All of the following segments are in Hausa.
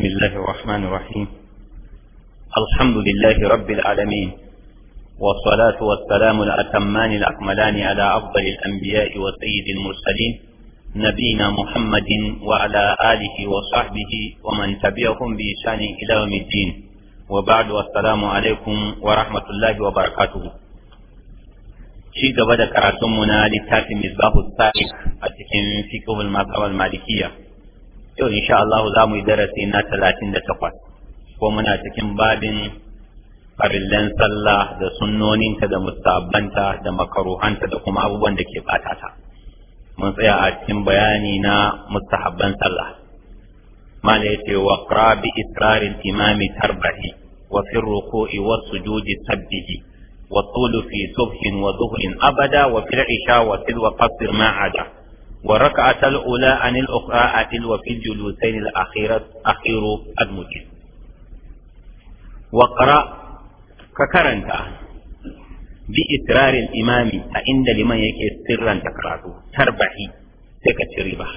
بسم الله الرحمن الرحيم الحمد لله رب العالمين والصلاة والسلام الأتمان الأكملان على أفضل الأنبياء وسيد المرسلين نبينا محمد وعلى آله وصحبه ومن تبعهم بإشان إلى يوم الدين وبعد والسلام عليكم ورحمة الله وبركاته شيء بدأ كراتمنا karatunmu na littafin misbahu sa'ik a المالكيه yau insha Allah za mu yi darasi na talatin da takwas ko muna cikin babin farillan sallah da sunnoninta da musabbanta da makaruhanta da kuma abubuwan da ke bata ta mun tsaya a cikin bayani na mustahabban sallah mala yace wa qra imami tarbahi wa fi ruku'i was sujudi sabbihi wa tulu fi subhin wa dhuhrin abada wa fil isha wa til والركعة الأولى عن الأخرى عدل وفي الجلوسين الأخيرة أخير المجد وقرأ ككرنت بإسرار الإمام عند لمن يكي سرا تكراته تربحي تكتربه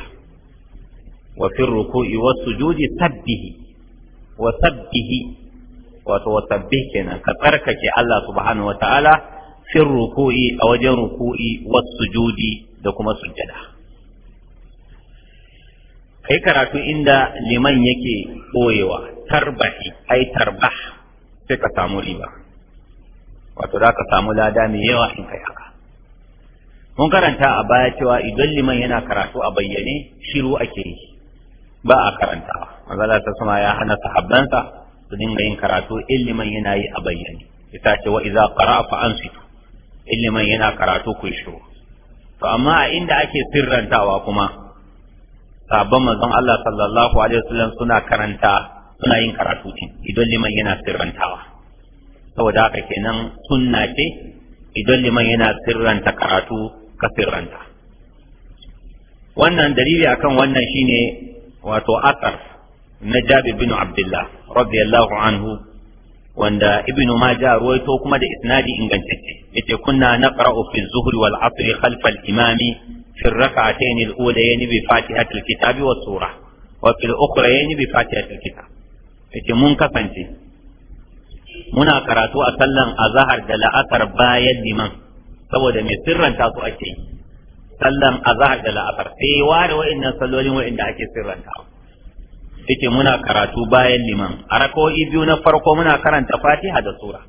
وفي الركوع والسجود سبه وسبه وتوسبه كنا كتركك الله سبحانه وتعالى في الركوع أو جن ركوع والسجود دكما سجده kai karatu inda liman yake koyewa tarbahi ai tarbah sai ka samu riba wato za ka samu lada mai yawa in kai haka mun karanta a baya cewa idan liman yana karatu a bayyane shiru ake yi ba a karantawa manzala ta suna ya hana sahabbansa su dinga yin karatu in liman yana yi a bayyane ita ce wa iza qara fa ansitu in liman yana karatu ku shiru to amma a inda ake sirrantawa kuma sabon manzon Allah sallallahu alaihi wasallam suna karanta suna yin karatu idan liman yana sirrantawa saboda haka kenan sunna ce idan liman yana sirranta karatu ka sirranta wannan dalili akan wannan shine wato asar na Jabir bin Abdullah radiyallahu anhu wanda Ibn Majah ruwaito kuma da isnadi ingantacce yace kunna naqra'u fi zuhri wal asr khalfa imami في الركعتين الأوليين بفاتحة الكتاب والسورة وفي الأخرين بفاتحة الكتاب yake mun kasance muna karatu a sallan azahar da la'asar bayan liman saboda mai sirranta su ake yi sallan azahar da la'asar sai ware wa'annan sallolin wa'anda ake sirranta yake muna karatu bayan liman a rakoi biyu na farko muna karanta fatiha da sura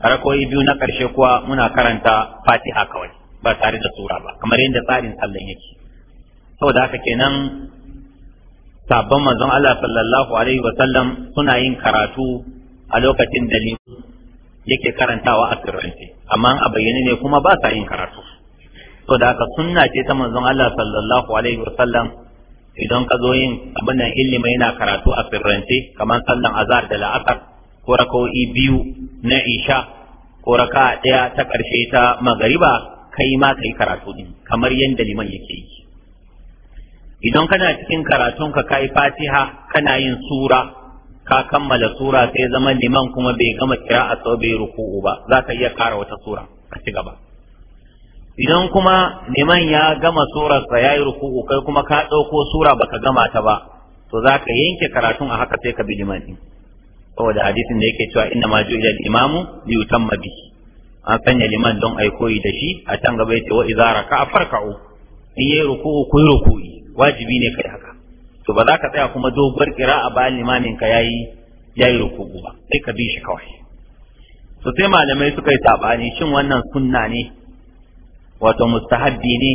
a rakoi biyu na ƙarshe kuwa muna karanta fatiha kawai ba tare da sura ba kamar yadda tsarin sallan yake saboda haka kenan sabon manzon Allah sallallahu alaihi wa sallam suna yin karatu a lokacin da yake karantawa a sirrance amma a bayyane ne kuma ba sa yin karatu saboda haka sunna ce ta manzon Allah sallallahu alaihi wa sallam idan ka zo yin abin nan ilimi yana karatu a sirrance kamar sallan azhar da la'asar ko rakoi biyu na isha ko raka ɗaya ta ƙarshe ta magariba kai ma kai karatu din kamar yanda liman yake yi idan kana cikin karatun ka kai fatiha kana yin sura ka kammala sura sai zama liman kuma bai gama kira a sau bai ruku'u ba za ka iya kara wata sura a ci gaba idan kuma liman ya gama surarsa ya yi ruku'u kai kuma ka ɗauko sura baka gama ta ba to za ka yanke karatun a haka sai ka bi liman din saboda hadisin da yake cewa inna ma ju'ila al-imamu li yutamma bihi an sanya liman don ai koyi da shi a can gaba yace wa idza raka farka'u in yayi ruku'u ku ruku'i wajibi ne kai haka to ba za ka tsaya kuma doguwar a ba limamin ka yayi yayi ruku'u ba sai ka bi shi kawai to sai malamai suka yi sabani shin wannan sunna ne wato mustahabbi ne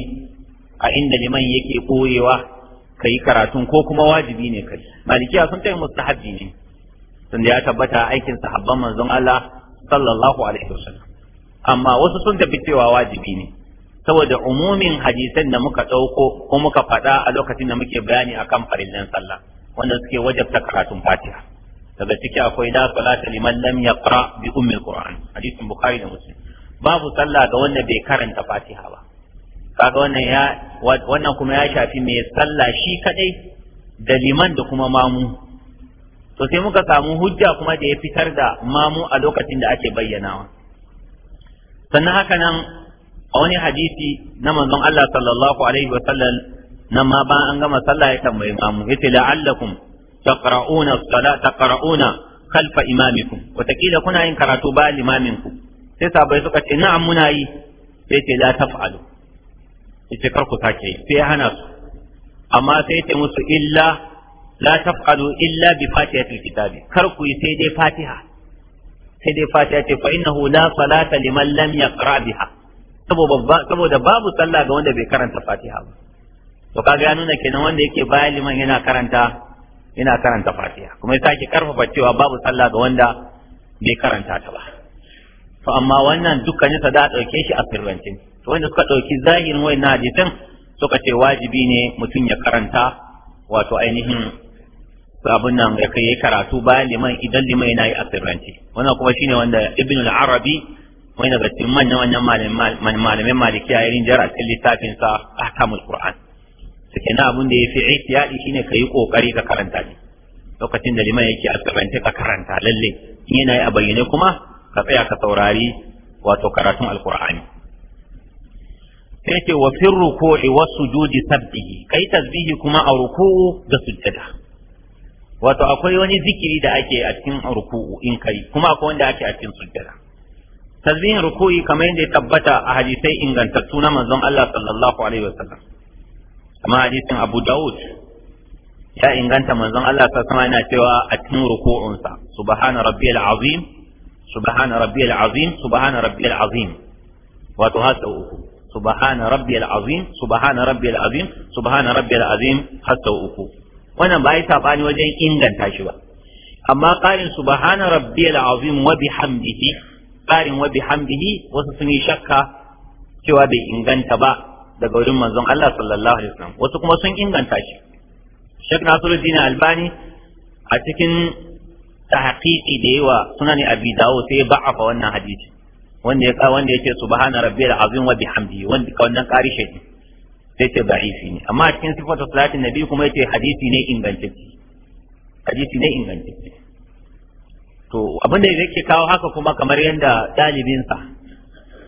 a inda liman yake koyewa kai karatu ko kuma wajibi ne kai malikiya sun tayi mustahabbi ne tunda ya tabbata aikin sahabban manzon Allah sallallahu alaihi wasallam amma wasu sun tafi cewa wajibi ne saboda umumin hadisan da muka ɗauko ko muka faɗa a lokacin da muke bayani akan farillan sallah wanda suke wajabta karatun fatiha daga ciki akwai la salata liman lam yaqra bi ummi alquran hadisin bukhari da muslim babu sallah ga wanda bai karanta fatiha ba kaga wannan ya wannan kuma ya shafi mai sallah shi kadai da liman da kuma mamu to sai muka samu hujja kuma da ya fitar da mamu a lokacin da ake bayyanawa sannan haka nan a wani hadisi na manzon Allah sallallahu alaihi wa sallam nan ma ba an gama sallah ya tambayi mamu yace la'allakum taqra'una salata taqra'una khalfa imamikum watakila kuna yin karatu ba limaminku sai sabai suka ce na'am muna yi yace la taf'alu yace kar ku sake sai ya hana su amma sai ta musu illa la taf'alu illa bi fatihatil kitabi kar ku yi sai dai fatiha sai dai fatiha ce fa innahu la salata liman lam yaqra biha saboda babu sallah ga wanda bai karanta fatiha ba to kaga ya nuna kenan wanda yake bayan liman yana karanta yana karanta fatiha kuma ya sake karfafa cewa babu sallah ga wanda bai karanta ta ba to amma wannan dukkanin sa da dauke shi a sirrance to wanda suka dauki zahirin wayannan hadisan suka ce wajibi ne mutum ya karanta wato ainihin abin nan ya kai karatu bayan liman idan liman yana yi asirranci wannan kuma shine wanda ibn al-arabi wani daga cikin manyan wannan malamin malikiya ya rinjar a littafin sa ahkamul qur'an sai na abin da ya fi ihtiyadi shine ka yi kokari ka karanta shi lokacin da liman yake asirranci ka karanta lalle in yana yi a bayyane kuma ka tsaya ka saurari wato karatun alqur'ani sai ce wa firru ruku'i wa sujudi sabbihi kai tasbihi kuma a ruku da sujjada wato akwai wani zikiri da ake a cikin ruku'u in kai kuma akwai wanda ake a cikin sujjada tasbihin ruku'i kamar yadda ya tabbata a hadisai ingantattu na manzon Allah sallallahu alaihi wasallam kamar hadisin Abu Dawud ya inganta manzon Allah sallallahu alaihi wasallam yana cewa a cikin ruku'unsa subhana rabbiyal azim subhana rabbiyal azim subhana rabbiyal azim wato har sau uku subhana rabbiyal azim subhana rabbiyal azim subhana rabbiyal azim har uku wannan ba ya yi ni wajen inganta shi ba amma qarin subhana rabbiyal azim wa bihamdihi qarin wa bihamdihi wasu sun yi shakka cewa bai inganta ba daga wurin manzon Allah sallallahu alaihi wasallam wasu kuma sun inganta shi Sheikh Nasiruddin Albani a cikin tahqiqi da yawa sunan Abi Dawud sai ba'afa wannan hadisi wanda ya wanda yake subhana rabbiyal azim wa bihamdihi wanda wannan kari shi yace da'ifi ne amma a cikin sifatu salatin nabi kuma yace hadisi ne ingantacce hadisi ne ingantacce to abin da yake kawo haka kuma kamar yadda ɗalibinsa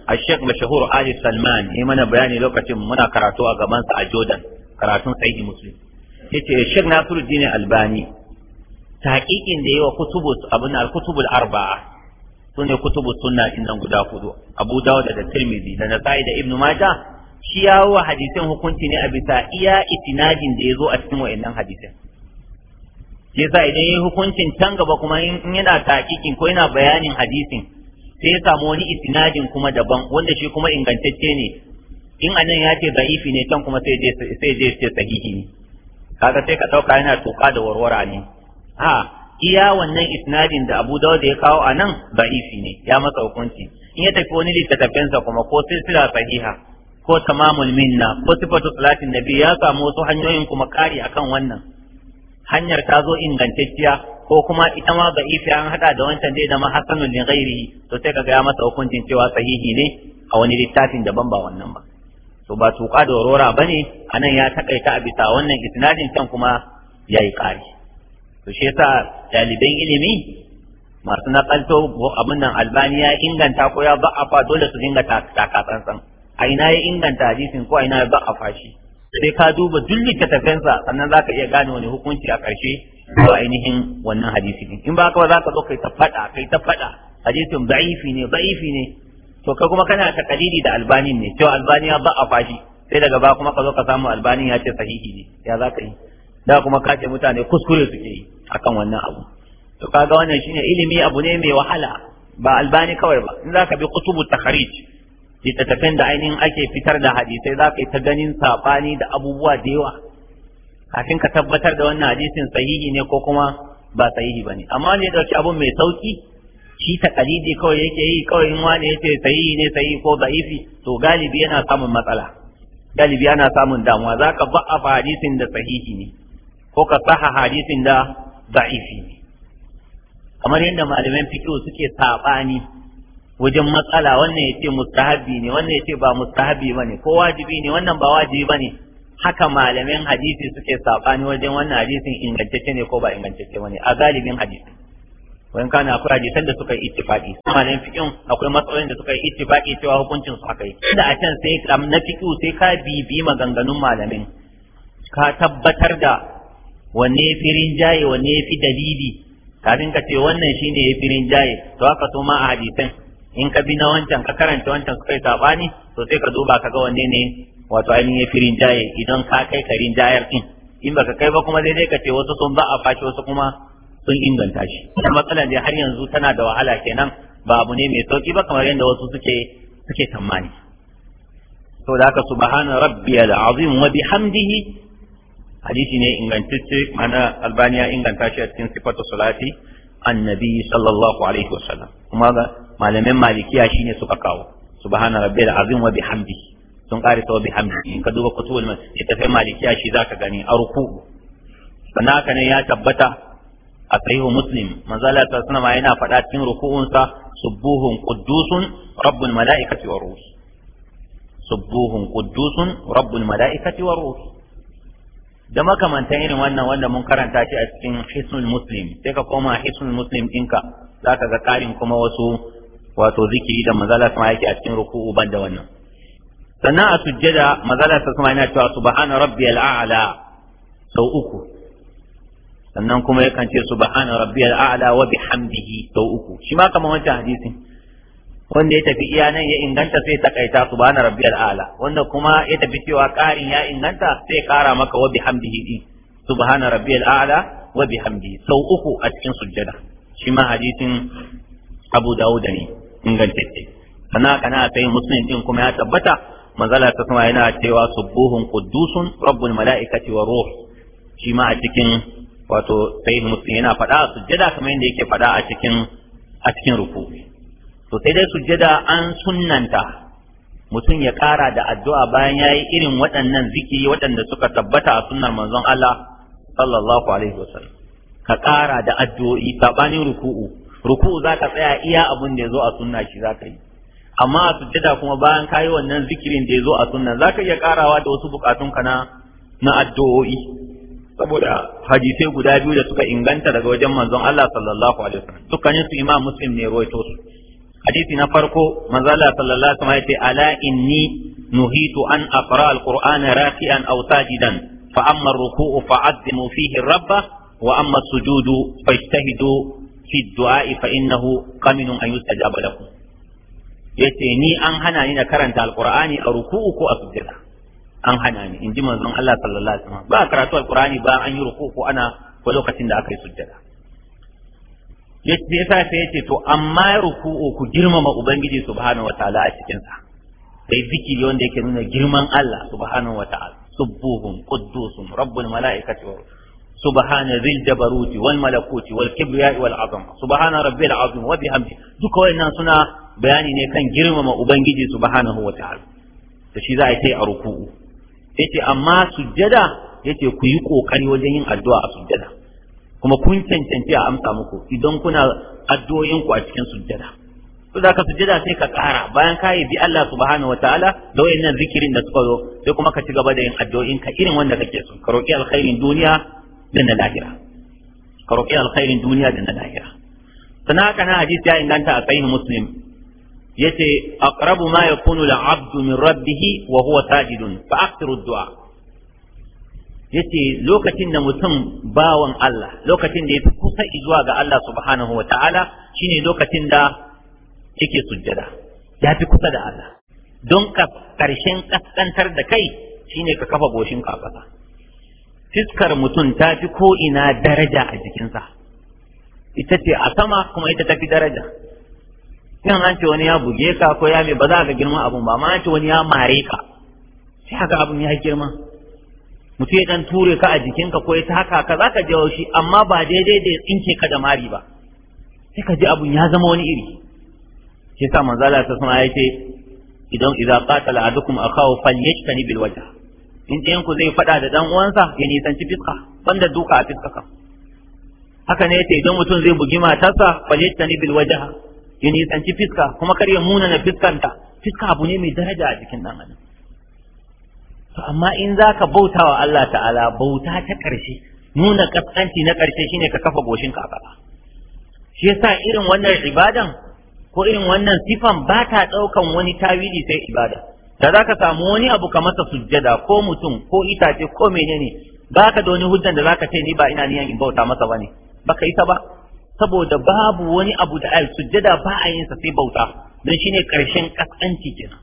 a sheikh mashahur ali salman ya mana bayani lokacin muna karatu a gabansa a jordan karatun sahihi muslim yace sheikh nasiruddin albani taqiqin da yawa kutubu abin al-kutubul arba'a sune kutubu sunna innan guda hudu abu dawud da tirmidhi da nasa'i da ibnu majah shi ya wa hadisin hukunci ne a bisa iya itinajin da ya zo a cikin wa'annan hadisin Ke sa idan yi hukuncin can gaba kuma in yana takikin ko yana bayanin hadisin sai ya samu wani itinajin kuma daban wanda shi kuma ingantacce ne in a nan ya ce zaifi ne can kuma sai je ce sahihi ne kaga sai ka ɗauka yana toka da warwara ne a iya wannan isnadin da Abu Dawud ya kawo a nan zaifi ne ya masa hukunci in ya tafi wani littattafansa kuma ko silsila sahiha ko tamamul minna ko sifatu salatin nabi ya samu wasu hanyoyin kuma kari akan wannan hanyar ta zo ingantacciya ko kuma ita ma ga ifi an hada da wancan dai da ma hasanun li ghairihi to sai kaga ya masa hukuncin cewa sahihi ne a wani littafin daban ba wannan ba to ba tuka da aurora bane anan ya takaita a bisa wannan isnadin can kuma yayi kari to shi yasa ɗaliban ilimi masu nakalto abin nan albaniya inganta ko ya ba'afa dole su dinga takatsantsan a ina ya inganta hadisin ko a ina ya ba a fashi sai ka duba duk littattafansa sannan za ka iya gane wani hukunci a ƙarshe ko ainihin wannan hadisi in ba ka ba za ka zo kai ta faɗa kai ta faɗa hadisin da'ifi ne da'ifi ne to ka kuma kana ta kalili da albanin ne cewa albani ya ba a fashi sai daga ba kuma ka zo ka samu albanin ya ce sahihi ne ya za ka yi da kuma ka ce mutane kuskure suke yi akan wannan abu to kaga wannan shine ilimi abu ne mai wahala ba albani kawai ba in za ka bi kutubu takharij littattafan da ainihin ake fitar da hadisai za ka yi ta ganin saɓani da abubuwa da yawa kafin ka tabbatar da wannan hadisin sahihi ne ko kuma ba sahihi ba ne amma ne ɗauki abun mai sauki shi ta kalidi kawai yake yi kawai in wani yace sahihi ne sahihi ko za'ifi. to galibi yana samun matsala galibi yana samun damuwa za ka a hadisin da sahihi ne ko ka saha hadisin da da'ifi ne kamar yadda malaman fiqh suke saɓani wajen matsala wannan ya ce mustahabi ne wannan ya ce ba mustahabi ba ne ko wajibi ne wannan ba wajibi ba ne haka malamin hadisi suke saɓani wajen wannan hadisin ingantacce ne ko ba ingantacce ba ne a galibin hadisi wani kana akwai hadisan da suka yi ittifaqi malamin fiqhin akwai matsalolin da suka yi ittifaqi cewa hukuncin su akai da a can sai na fiqhu sai ka bibi maganganun malamin ka tabbatar da wanne ya fi rinjaye wanne ya fi dalili kafin ka ce wannan shine ya fi rinjaye to haka so ma a hadisan in ka bi na wancan ka karanta wancan suka yi sabani to sai ka duba ka ga wanne ne wato ainihin ya fi rinjaye, idan ka kai ka rinjayar din in baka kai ba kuma daidai ka ce wasu sun ba a fashi wasu kuma sun inganta shi matsalar da har yanzu tana da wahala kenan ba abu ne mai sauki ba kamar yadda wasu suke suke tsammani saboda haka subhana rabbiyal azim wa bihamdihi hadisi ne ingantacce mana albaniya inganta shi a cikin sifatu salati annabi sallallahu alaihi wasallam kuma malamin malikiya shine suka kawo subhana rabbil azim wa bihamdi sun kare ta wa in ka duba kutubul littafin malikiya shi zaka gani a ruku sannan haka ne ya tabbata a sahihu muslim manzala ta sunama yana faɗa cikin ruku'unsa subuhun quddusun rabbul mala'ikati wa ruh subuhun quddusun rabbul mala'ikati wa ruh da makamantan irin wannan wanda mun karanta shi a cikin hisnul muslim sai ka koma hisnul muslim ɗinka za ka ga ƙarin kuma wasu wato zikiri da mazala sama yake a cikin ruku'u ban da wannan sannan a sujjada manzala sama yana cewa subhana rabbiyal a'la sau uku sannan kuma yakan ce subhana rabbiyal a'la wa bihamdihi sau uku shi ma kamar wancan hadisin wanda ya tafi iya nan ya inganta sai ta takaita subhana rabbiyal a'la wanda kuma ya tafi cewa ƙarin ya inganta sai ƙara maka wa bihamdihi din subhana rabbiyal a'la wa bihamdihi sau uku a cikin sujjada shi ma hadisin Abu Dawud ne ingantacce kana kana sai musulmin din kuma ya tabbata manzala ta sama yana cewa subuhun quddusun rabbul malaikati wa ruh shi ma a cikin wato sai muslim yana faɗa sujjada kamar yadda yake fada a cikin a cikin ruku to sai dai sujjada an sunnanta mutum ya ƙara da addu'a bayan ya yi irin waɗannan zikiri waɗanda suka tabbata a sunnar manzon Allah sallallahu alaihi wasallam ka kara da addu'o'i saɓanin ruku'u ruku'u zaka tsaya iya abin da zo a sunna shi ka yi amma a sujjada kuma bayan kayi wannan zikirin da ya zo a sunna zaka iya karawa da wasu bukatun na na addu'o'i saboda hadisai guda biyu da suka inganta daga wajen manzon Allah sallallahu alaihi wasallam dukkanin su imam muslim ne ruwaito su hadisi na farko manzon Allah sallallahu alaihi wasallam ya ce ala inni nuhitu an aqra alqur'ana raki'an aw sajidan fa amma ar-ruku'u fa'azzimu fihi rabba wa amma as-sujudu fajtahidu fi du'a'i fa innahu qaminun an yustajaba lakum yace ni an hana ni na karanta alqur'ani a ruku'u ko a sujjada an hana ni inji manzon Allah sallallahu alaihi wasallam ba karatu alqur'ani ba an yi ruku'u ko ana ko lokacin da aka yi sujjada yace yasa sai yace to amma ruku'u ku girmama ubangiji subhanahu wataala a cikin sa sai zikiri wanda ke nuna girman Allah subhanahu wataala subbuhum quddusun rabbul mala'ikati wa rusul subhana zil jabaruti wal malakuti wal kibriya wal azama subhana rabbil azim wa duka wannan suna bayani ne kan girmama ubangiji subhanahu wa ta'ala da shi za a ce a ruku'u yace amma sujjada yace ku yi kokari wajen yin addu'a a sujjada kuma kun cancanci a amsa muku idan kuna addu'o'in ku a cikin sujjada to da ka sujjada sai ka kara bayan ka yi bi Allah subhanahu wataala da zikirin da suka zo sai kuma ka ci gaba da yin addu'o'in irin wanda kake so roki alkhairin duniya da na lahira ka roƙi alkhairin duniya da na lahira sana haka na hadisi ya inganta a sahih muslim yace aqrabu ma yakunu la abdu min rabbihi wa huwa sajidun fa aktiru du'a yace lokacin da mutum bawan Allah lokacin da ya fi kusa zuwa ga Allah subhanahu wa ta'ala shine lokacin da yake sujjada ya fi kusa da Allah don ka karshen kaskantar da kai shine ka kafa goshin ka kasa fiskar mutum ta fi ko ina daraja a jikinsa ita ce a sama kuma ita ta fi daraja kan an ce wani ya buge ka ko ya mai ba za ka girma abun ba amma an ce wani ya mare ka sai haka abun ya girma mutum ya dan ture ka a jikinka ko ya haka ka za ka jawo shi amma ba daidai da ya tsinke ka da mari ba sai ka ji abun ya zama wani iri shi sa manzala ta sama ya ce idan idza akawo fal yake ka ni bilwata in ɗayan ku zai faɗa da dan uwansa ya nisanci fiska banda duka a fiska kan haka ne yace idan mutum zai bugi matarsa ni bil wajha ya nisanci fiska kuma kar ya muna na fiskanta fiska abu ne mai daraja a jikin dan adam to amma in zaka bauta wa Allah ta'ala bauta ta ƙarshe nuna kaskanci na ƙarshe shine ka kafa goshin ka a shi yasa irin wannan ibadan ko irin wannan sifan ba ta ɗaukan wani tawili sai ibada da za ka samu wani abu ka masa sujjada ko mutum ko itace ko menene ba ka da wani hujjan da za ka ce ni ba ina niyan in bauta masa ba ne ba ka yi ta ba saboda babu wani abu da ai sujjada ba a yin sa sai bauta don shi ne ƙarshen ƙasƙanci kenan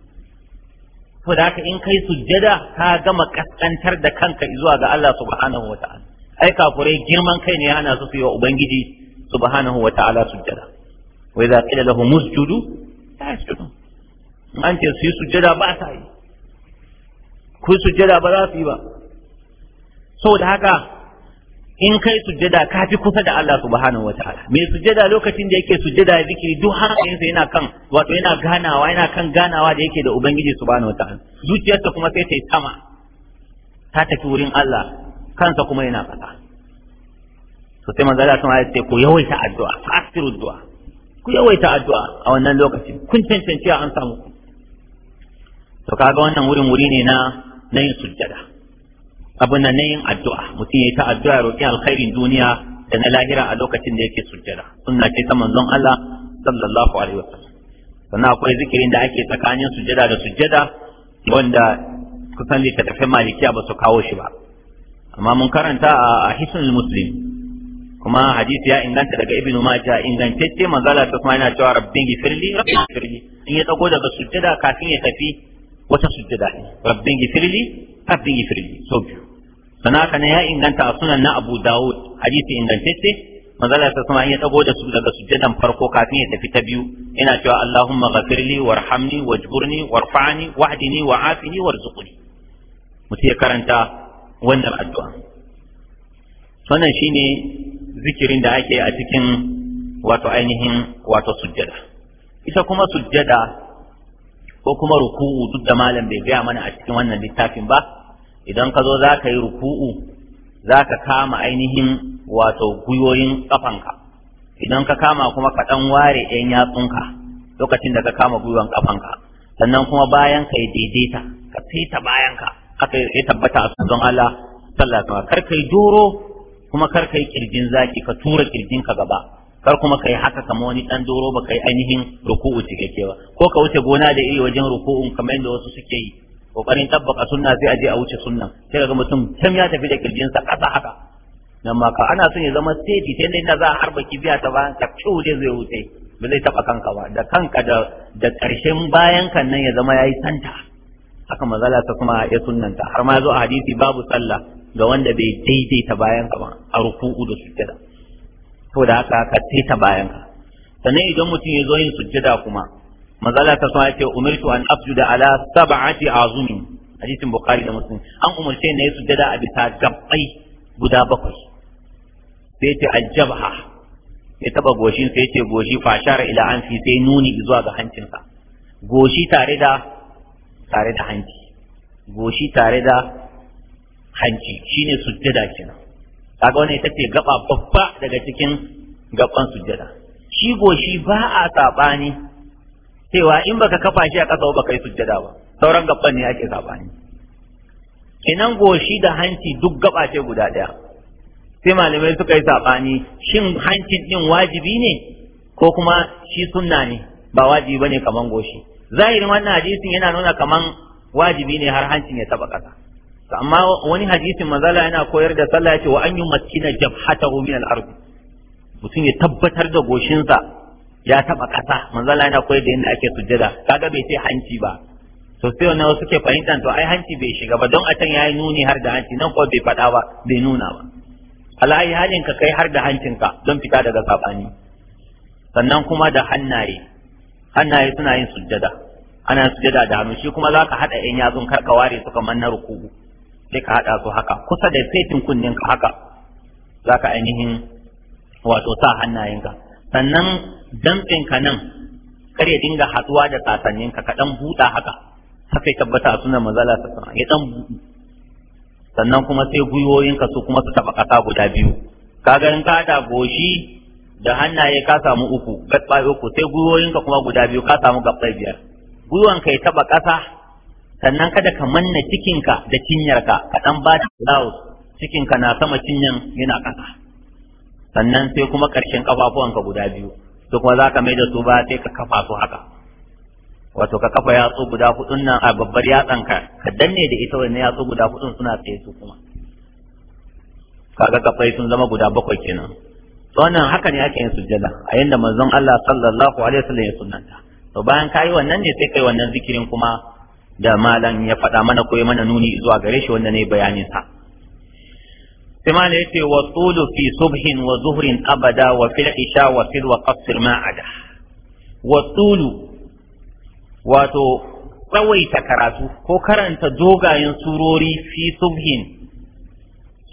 to da haka in kai sujjada ka gama ƙasƙantar da kanka zuwa ga Allah subhanahu wata'ala ai kafurai girman kai ne ana so su yi wa ubangiji subhanahu wata'ala sujjada wa idza qila lahum usjudu la an ce su yi sujjada ba sa yi ku sujjada ba za su yi ba saboda haka in kai sujjada ka fi kusa da Allah subhanahu ala. me sujjada lokacin da yake sujjada zikiri duk hankalinsa yana kan wato yana ganawa yana kan ganawa da yake da ubangiji subhanahu wataala zuciyarsa kuma sai ta yi sama ta tafi wurin Allah kansa kuma yana kasa to sai manzo Allah ya ce ku yawaita addu'a fasiru addu'a ku yawaita addu'a a wannan lokacin kun cancanci an samu to kaga wannan wurin wuri ne na na sujjada abin nan na yin addu'a mutum ya ta addu'a roƙi alkhairin duniya da na lahira a lokacin da yake sujjada sunna ce ta manzon Allah sallallahu alaihi wasallam sannan akwai zikirin da ake tsakanin sujjada da sujjada wanda kusan littattafai malikiya ba su kawo shi ba amma mun karanta a hisan muslim kuma hadisi ya inganta daga ibnu majah ingantacce manzala ta kuma yana cewa rabbin gifirli rabbin gifirli in ya tsago daga sujjada kafin ya tafi wata sujjada rabbin gifirli rabbin gifirli so biyu sannan haka ne ya inganta a sunan na Abu Dawud hadisi ingantacce manzala ta sama ya tsago da su daga sujjadan farko kafin ya tafi ta biyu yana cewa Allahumma ghafirli warhamni wajburni warfa'ni wahdini wa'afini warzuqni mutum ya karanta wannan addu'a wannan shine zikirin da ake a cikin wato ainihin wato sujjada ita kuma sujjada ko kuma ruku'u duk da malam bai gaya mana a cikin wannan littafin ba idan ka zo za ka yi ruku'u za ka kama ainihin wato gwiwoyin kafanka idan ka kama kuma ka ɗan ware yan yatsunka lokacin da ka kama gwiwan kafanka sannan kuma bayan ka yi daidaita ka saita ka, haka ya tabbata a sunan Allah sallallahu alaihi wasallam kar kai doro kuma kar kai kirjin zaki ka tura ka gaba kar kuma kai haka kama wani dan doro ba kai ainihin ruku'u cikakke ba ko ka wuce gona da iri wajen ruku'un kamar yadda wasu suke yi kokarin tabbaka sunna sai a je a wuce sunna sai kaga mutum can ya tafi da kirjinsa kasa haka nan ma ka ana son ya zama sai ta na za a harba kibiya ta ba ta cude zai wuce ba zai taba kanka ba da kanka da da karshen bayan kan nan ya zama yayi santa haka mazala ta kuma ya sunnanta har ma zo a hadisi babu sallah ga wanda bai daidaita bayan ka ba a ruku'u da sujjada ko da haka ka ta bayan ka sannan idan mutum ya zo yin sujjada kuma mazala ta sama ce umirtu an asjuda ala sab'ati azumi hadisin bukhari da muslim an umarce ne sujjada a bisa gabbai guda bakwai sai ce aljabha ya taba goshin sai ce goshi fashara ila anfi sai nuni zuwa ga hancinsa goshi tare da tare da hanci goshi tare da hanci shine sujjada kenan kaga wannan ita ce gaba babba daga cikin gaban sujjada shi goshi ba a sabani cewa in baka kafa shi a ƙasa ba kai sujjada ba sauran gaban ne ake sabani kinan goshi da hanci duk gaba ce guda ɗaya sai malamai suka yi saɓani shin hancin din wajibi ne ko kuma shi sunna ne ba wajibi bane kaman goshi zahirin wannan hadisin yana nuna kaman wajibi ne har hancin ya taɓa ƙasa amma wani hadisin mazala yana koyar da sallah ce wa an yumakkina jabhata min al-ard mutum ya tabbatar da goshinsa ya taba kasa manzala yana koyar da yadda ake sujjada kaga bai sai hanci ba to sai wannan wasu ke to ai hanci bai shiga ba don a can yayi nuni har da hanci nan ko bai faɗa ba bai nuna ba alai halin ka kai har da hancinka don fita daga sabani sannan kuma da hannaye hannaye suna yin sujjada ana sujjada da hannu shi kuma zaka hada yan yazun karka ware suka manna ruku'u sai ka haɗa su haka kusa da saitin kunnen ka haka za ka ainihin wato sa hannayenka sannan damtsin ka nan kar ya dinga haɗuwa da sasannin ka ɗan buɗa haka ta kai tabbata a sunan mazala ta sana ya ɗan buɗu sannan kuma sai gwiwoyinka su kuma su taɓa ƙasa guda biyu kaga in ka haɗa goshi da hannaye ka samu uku gaɓɓai uku sai gwiwoyinka kuma guda biyu ka samu gaɓɓai biyar gwiwanka ya taɓa ƙasa sannan kada ka manna cikinka da cinyarka ka dan ba ta blouse cikinka na sama cinyan yana ƙasa sannan sai kuma ƙarshen ƙafafuwanka guda biyu to kuma za ka mai da su ba sai ka kafa su haka wato ka kafa yatsu guda hudun nan a babbar yatsanka ka danne da ita wannan yatsu guda hudun suna tsaye su kuma kaga kafai sun zama guda bakwai kenan to wannan haka ne ake yin sujjada a yanda manzon Allah sallallahu alaihi wasallam ya sunnanta to bayan kai wannan ne sai kai wannan zikirin kuma da malam ya faɗa mana ko mana nuni zuwa gare shi wanda ne bayanin sa sai malam yace wa tulu fi subhin wa zuhrin abada wa fil isha wa fil wa ma ada wa tulu wato tsawaita karatu ko karanta dogayen surori fi subhin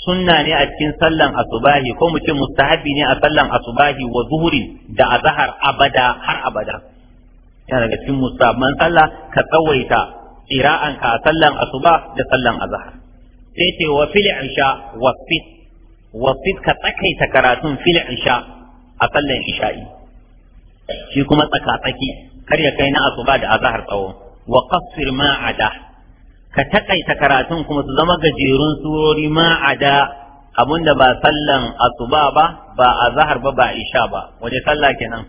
sunna ne a cikin sallan asubahi ko mu ce mustahabi ne a sallan asubahi wa zuhurin da azhar abada har abada yana daga cikin musamman sallah ka tsawaita Ira'anka a sallan asuba da sallan azhar sai ce wa fil isha wasit wasit ka tsakaita karatun fil isha a sallan isha'i shi kuma tsaka tsaki kar ya kai na asuba da azhar tsawo wa qassir ma ka takaita karatun kuma su zama gajerun surori ma'ada abinda ba sallan asuba ba ba a ba ba isha ba waje sallah kenan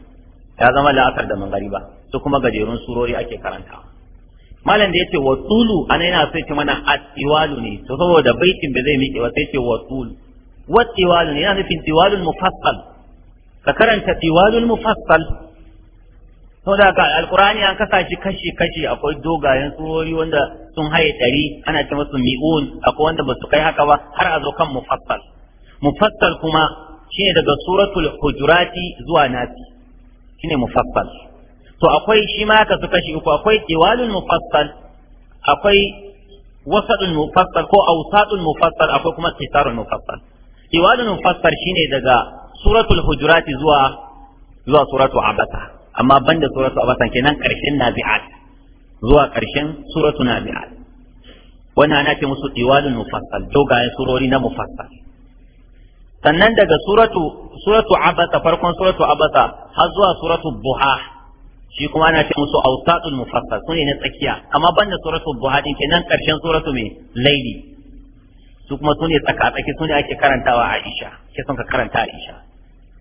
ya zama la'asar da mangariba su kuma gajerun surori ake karanta malam da yace wasulu anan yana so ce mana atiwalu ne to saboda baitin da zai miƙe sai ce wasul watiwalu ne yana nufin tiwalul mufassal ka karanta tiwalul mufassal saboda ka alqur'ani an kasa shi kashi kashi akwai dogayen surori wanda sun haye ɗari ana ce musu mi'un akwai wanda basu kai haka ba har a zo kan mufassal mufassal kuma shine daga suratul hujurati zuwa nafi shine mufassal to akwai shi ma ka su kashi uku akwai diwalin mufassal akwai wasadul mufassal ko awsatul mufassal akwai kuma qisarul mufassal tiwalul mufassal shine daga suratul hujurat zuwa zuwa suratu abasa amma banda suratu abasa kenan karshen nazi'at zuwa karshen suratu nazi'at wannan ana ce musu diwalin mufassal dogayen surori na mufassal sannan daga suratu suratu abasa farkon suratu abasa har zuwa suratu buha shi kuma ana ce musu awsatul mufassal sune na tsakiya amma banda suratul duha din kenan karshen suratu mai laili su kuma sune tsaka tsaki sune ake karantawa Aisha ke son ka karanta Aisha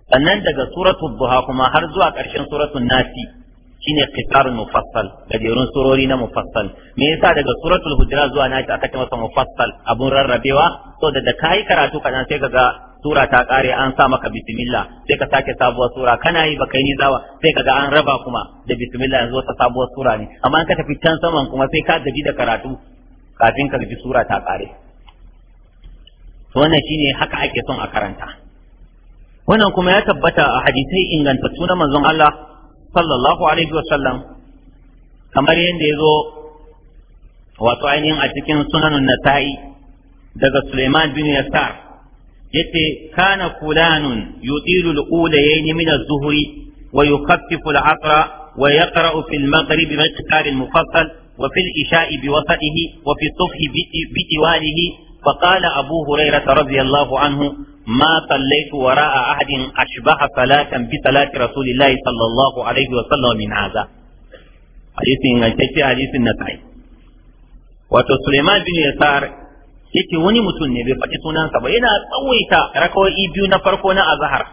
sannan daga suratul duha kuma har zuwa karshen suratul nasi shine qitar mufassal jerun surori na mufassal me yasa daga suratul hujurat zuwa na aka ta masa mufassal abun rarrabewa so da da kai karatu kana sai kaga sura ta kare an sa maka bismillah sai ka sake sabuwar sura kana yi baka yi zawa sai kaga an raba kuma da bismillah yanzu wata sabuwar sura ne amma an ka tafi can saman kuma sai ka gaji da karatu kafin ka ji sura ta kare to wannan shine haka ake son a karanta wannan kuma ya tabbata a hadisai ingantattu na manzon Allah sallallahu alaihi wasallam kamar yadda ya zo wato ainihin a cikin sunanun nasa'i daga Suleiman bin Yasar yace kana fulanun yutilu al-ulayayn min az-zuhri wa yukaffifu al-'asra wa yaqra'u fi al-maghrib bi al-mufassal وفي wa بوسطه وفي الصبح بتوانه فقال أبو هريرة رضي anhu. ما صليت وراء أحد أشبه صلاة بصلاة رسول الله صلى الله عليه وسلم من هذا حديث ingantacce hadisin nasai wato Suleiman bin Yasar yake wani mutum ne bai faɗi sunansa ba yana tsawaita rakawoyi biyu na farko na azhar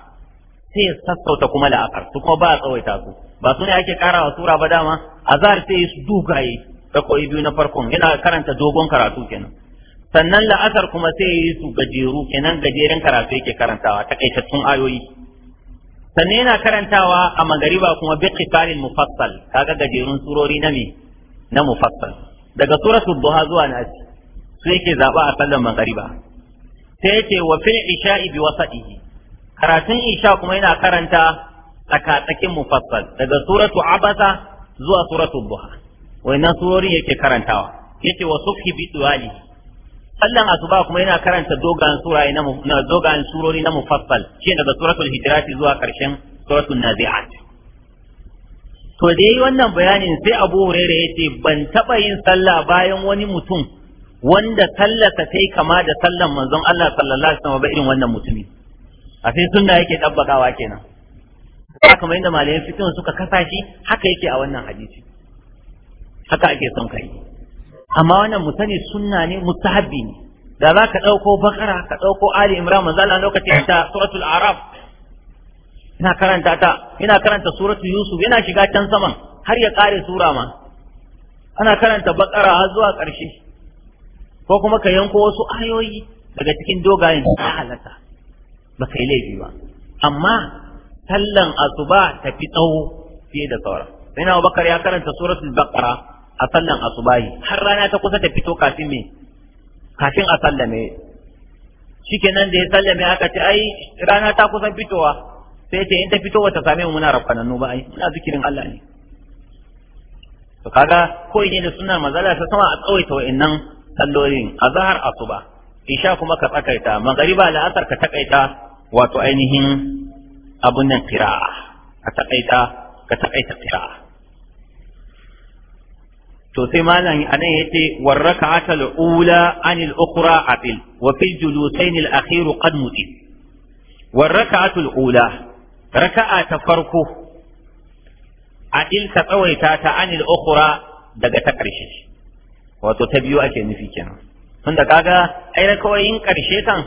sai ya sassauta kuma la'asar su kuma ba a tsawaita su ba su ne ake karawa sura ba dama azhar sai su dogaye rakawoyi biyu na farkon yana karanta dogon karatu kenan sannan la'asar kuma sai ya yi su gajeru kenan gajeren karatu yake karantawa ta takaitattun ayoyi sannan yana karantawa a magariba kuma bi qitalil mufassal kaga gajerun surori na me na mufassal daga suratul duha zuwa nasi su yake zaba a sallar magariba sai yake wa fil isha'i bi wasatihi karatun isha kuma yana karanta tsakatsakin mufassal daga suratu abasa zuwa suratul duha wayannan surori yake karantawa yake wa subhi bi duwalihi sallan asuba kuma yana karanta dogan sura mu na dogan surori na mufassal shi daga suratul hijrat zuwa karshen suratul nazi'at to da yayi wannan bayanin sai Abu Hurairah yace ban taba yin sallah bayan wani mutum wanda sallata sai kama da sallan manzon Allah sallallahu alaihi wasallam ba irin wannan mutumi a sai sunna yake dabbakawa kenan haka kamar yadda malayan fitin suka kasa shi haka yake a wannan hadisi haka ake son kai amma wannan mu sani sunna ne mustahabbi ne da za ka ɗauko bakara ka ɗauko ali imran manzo Allah lokacin ta suratul araf ina karanta ta ina karanta suratul yusuf yana shiga can saman har ya kare sura ma ana karanta bakara har zuwa ƙarshe ko kuma ka yanko wasu ayoyi daga cikin dogayen ta halatta ba kai laifi ba amma sallan asuba ta fi tsawo fiye da saura. sai na bakar ya karanta suratul baqara a sallan asubahi har rana ta kusa ta fito kafin me kafin a sallame shikenan da ya sallame aka ce ai rana ta kusa fitowa sai ce in ta fito wata same mu muna rafkananu ba ai muna zikirin Allah ne to kaga koyi ne da sunnar mazala ta sama a tsawaita wa'annan sallolin azhar asuba isha kuma ka tsakaita magariba la'asar asar ka takaita wato ainihin abun nan qira'a ka takaita ka takaita qira'a to sai malam anan yace warraka atal ula anil ukhra afil wa fil julusain al akhir qad muti warraka'atul ula raka'a ta farko adil ka tsawaita ta anil ukhra daga ta karshe wato ta biyu ake nufi kenan tunda kaga ai yin karshe kan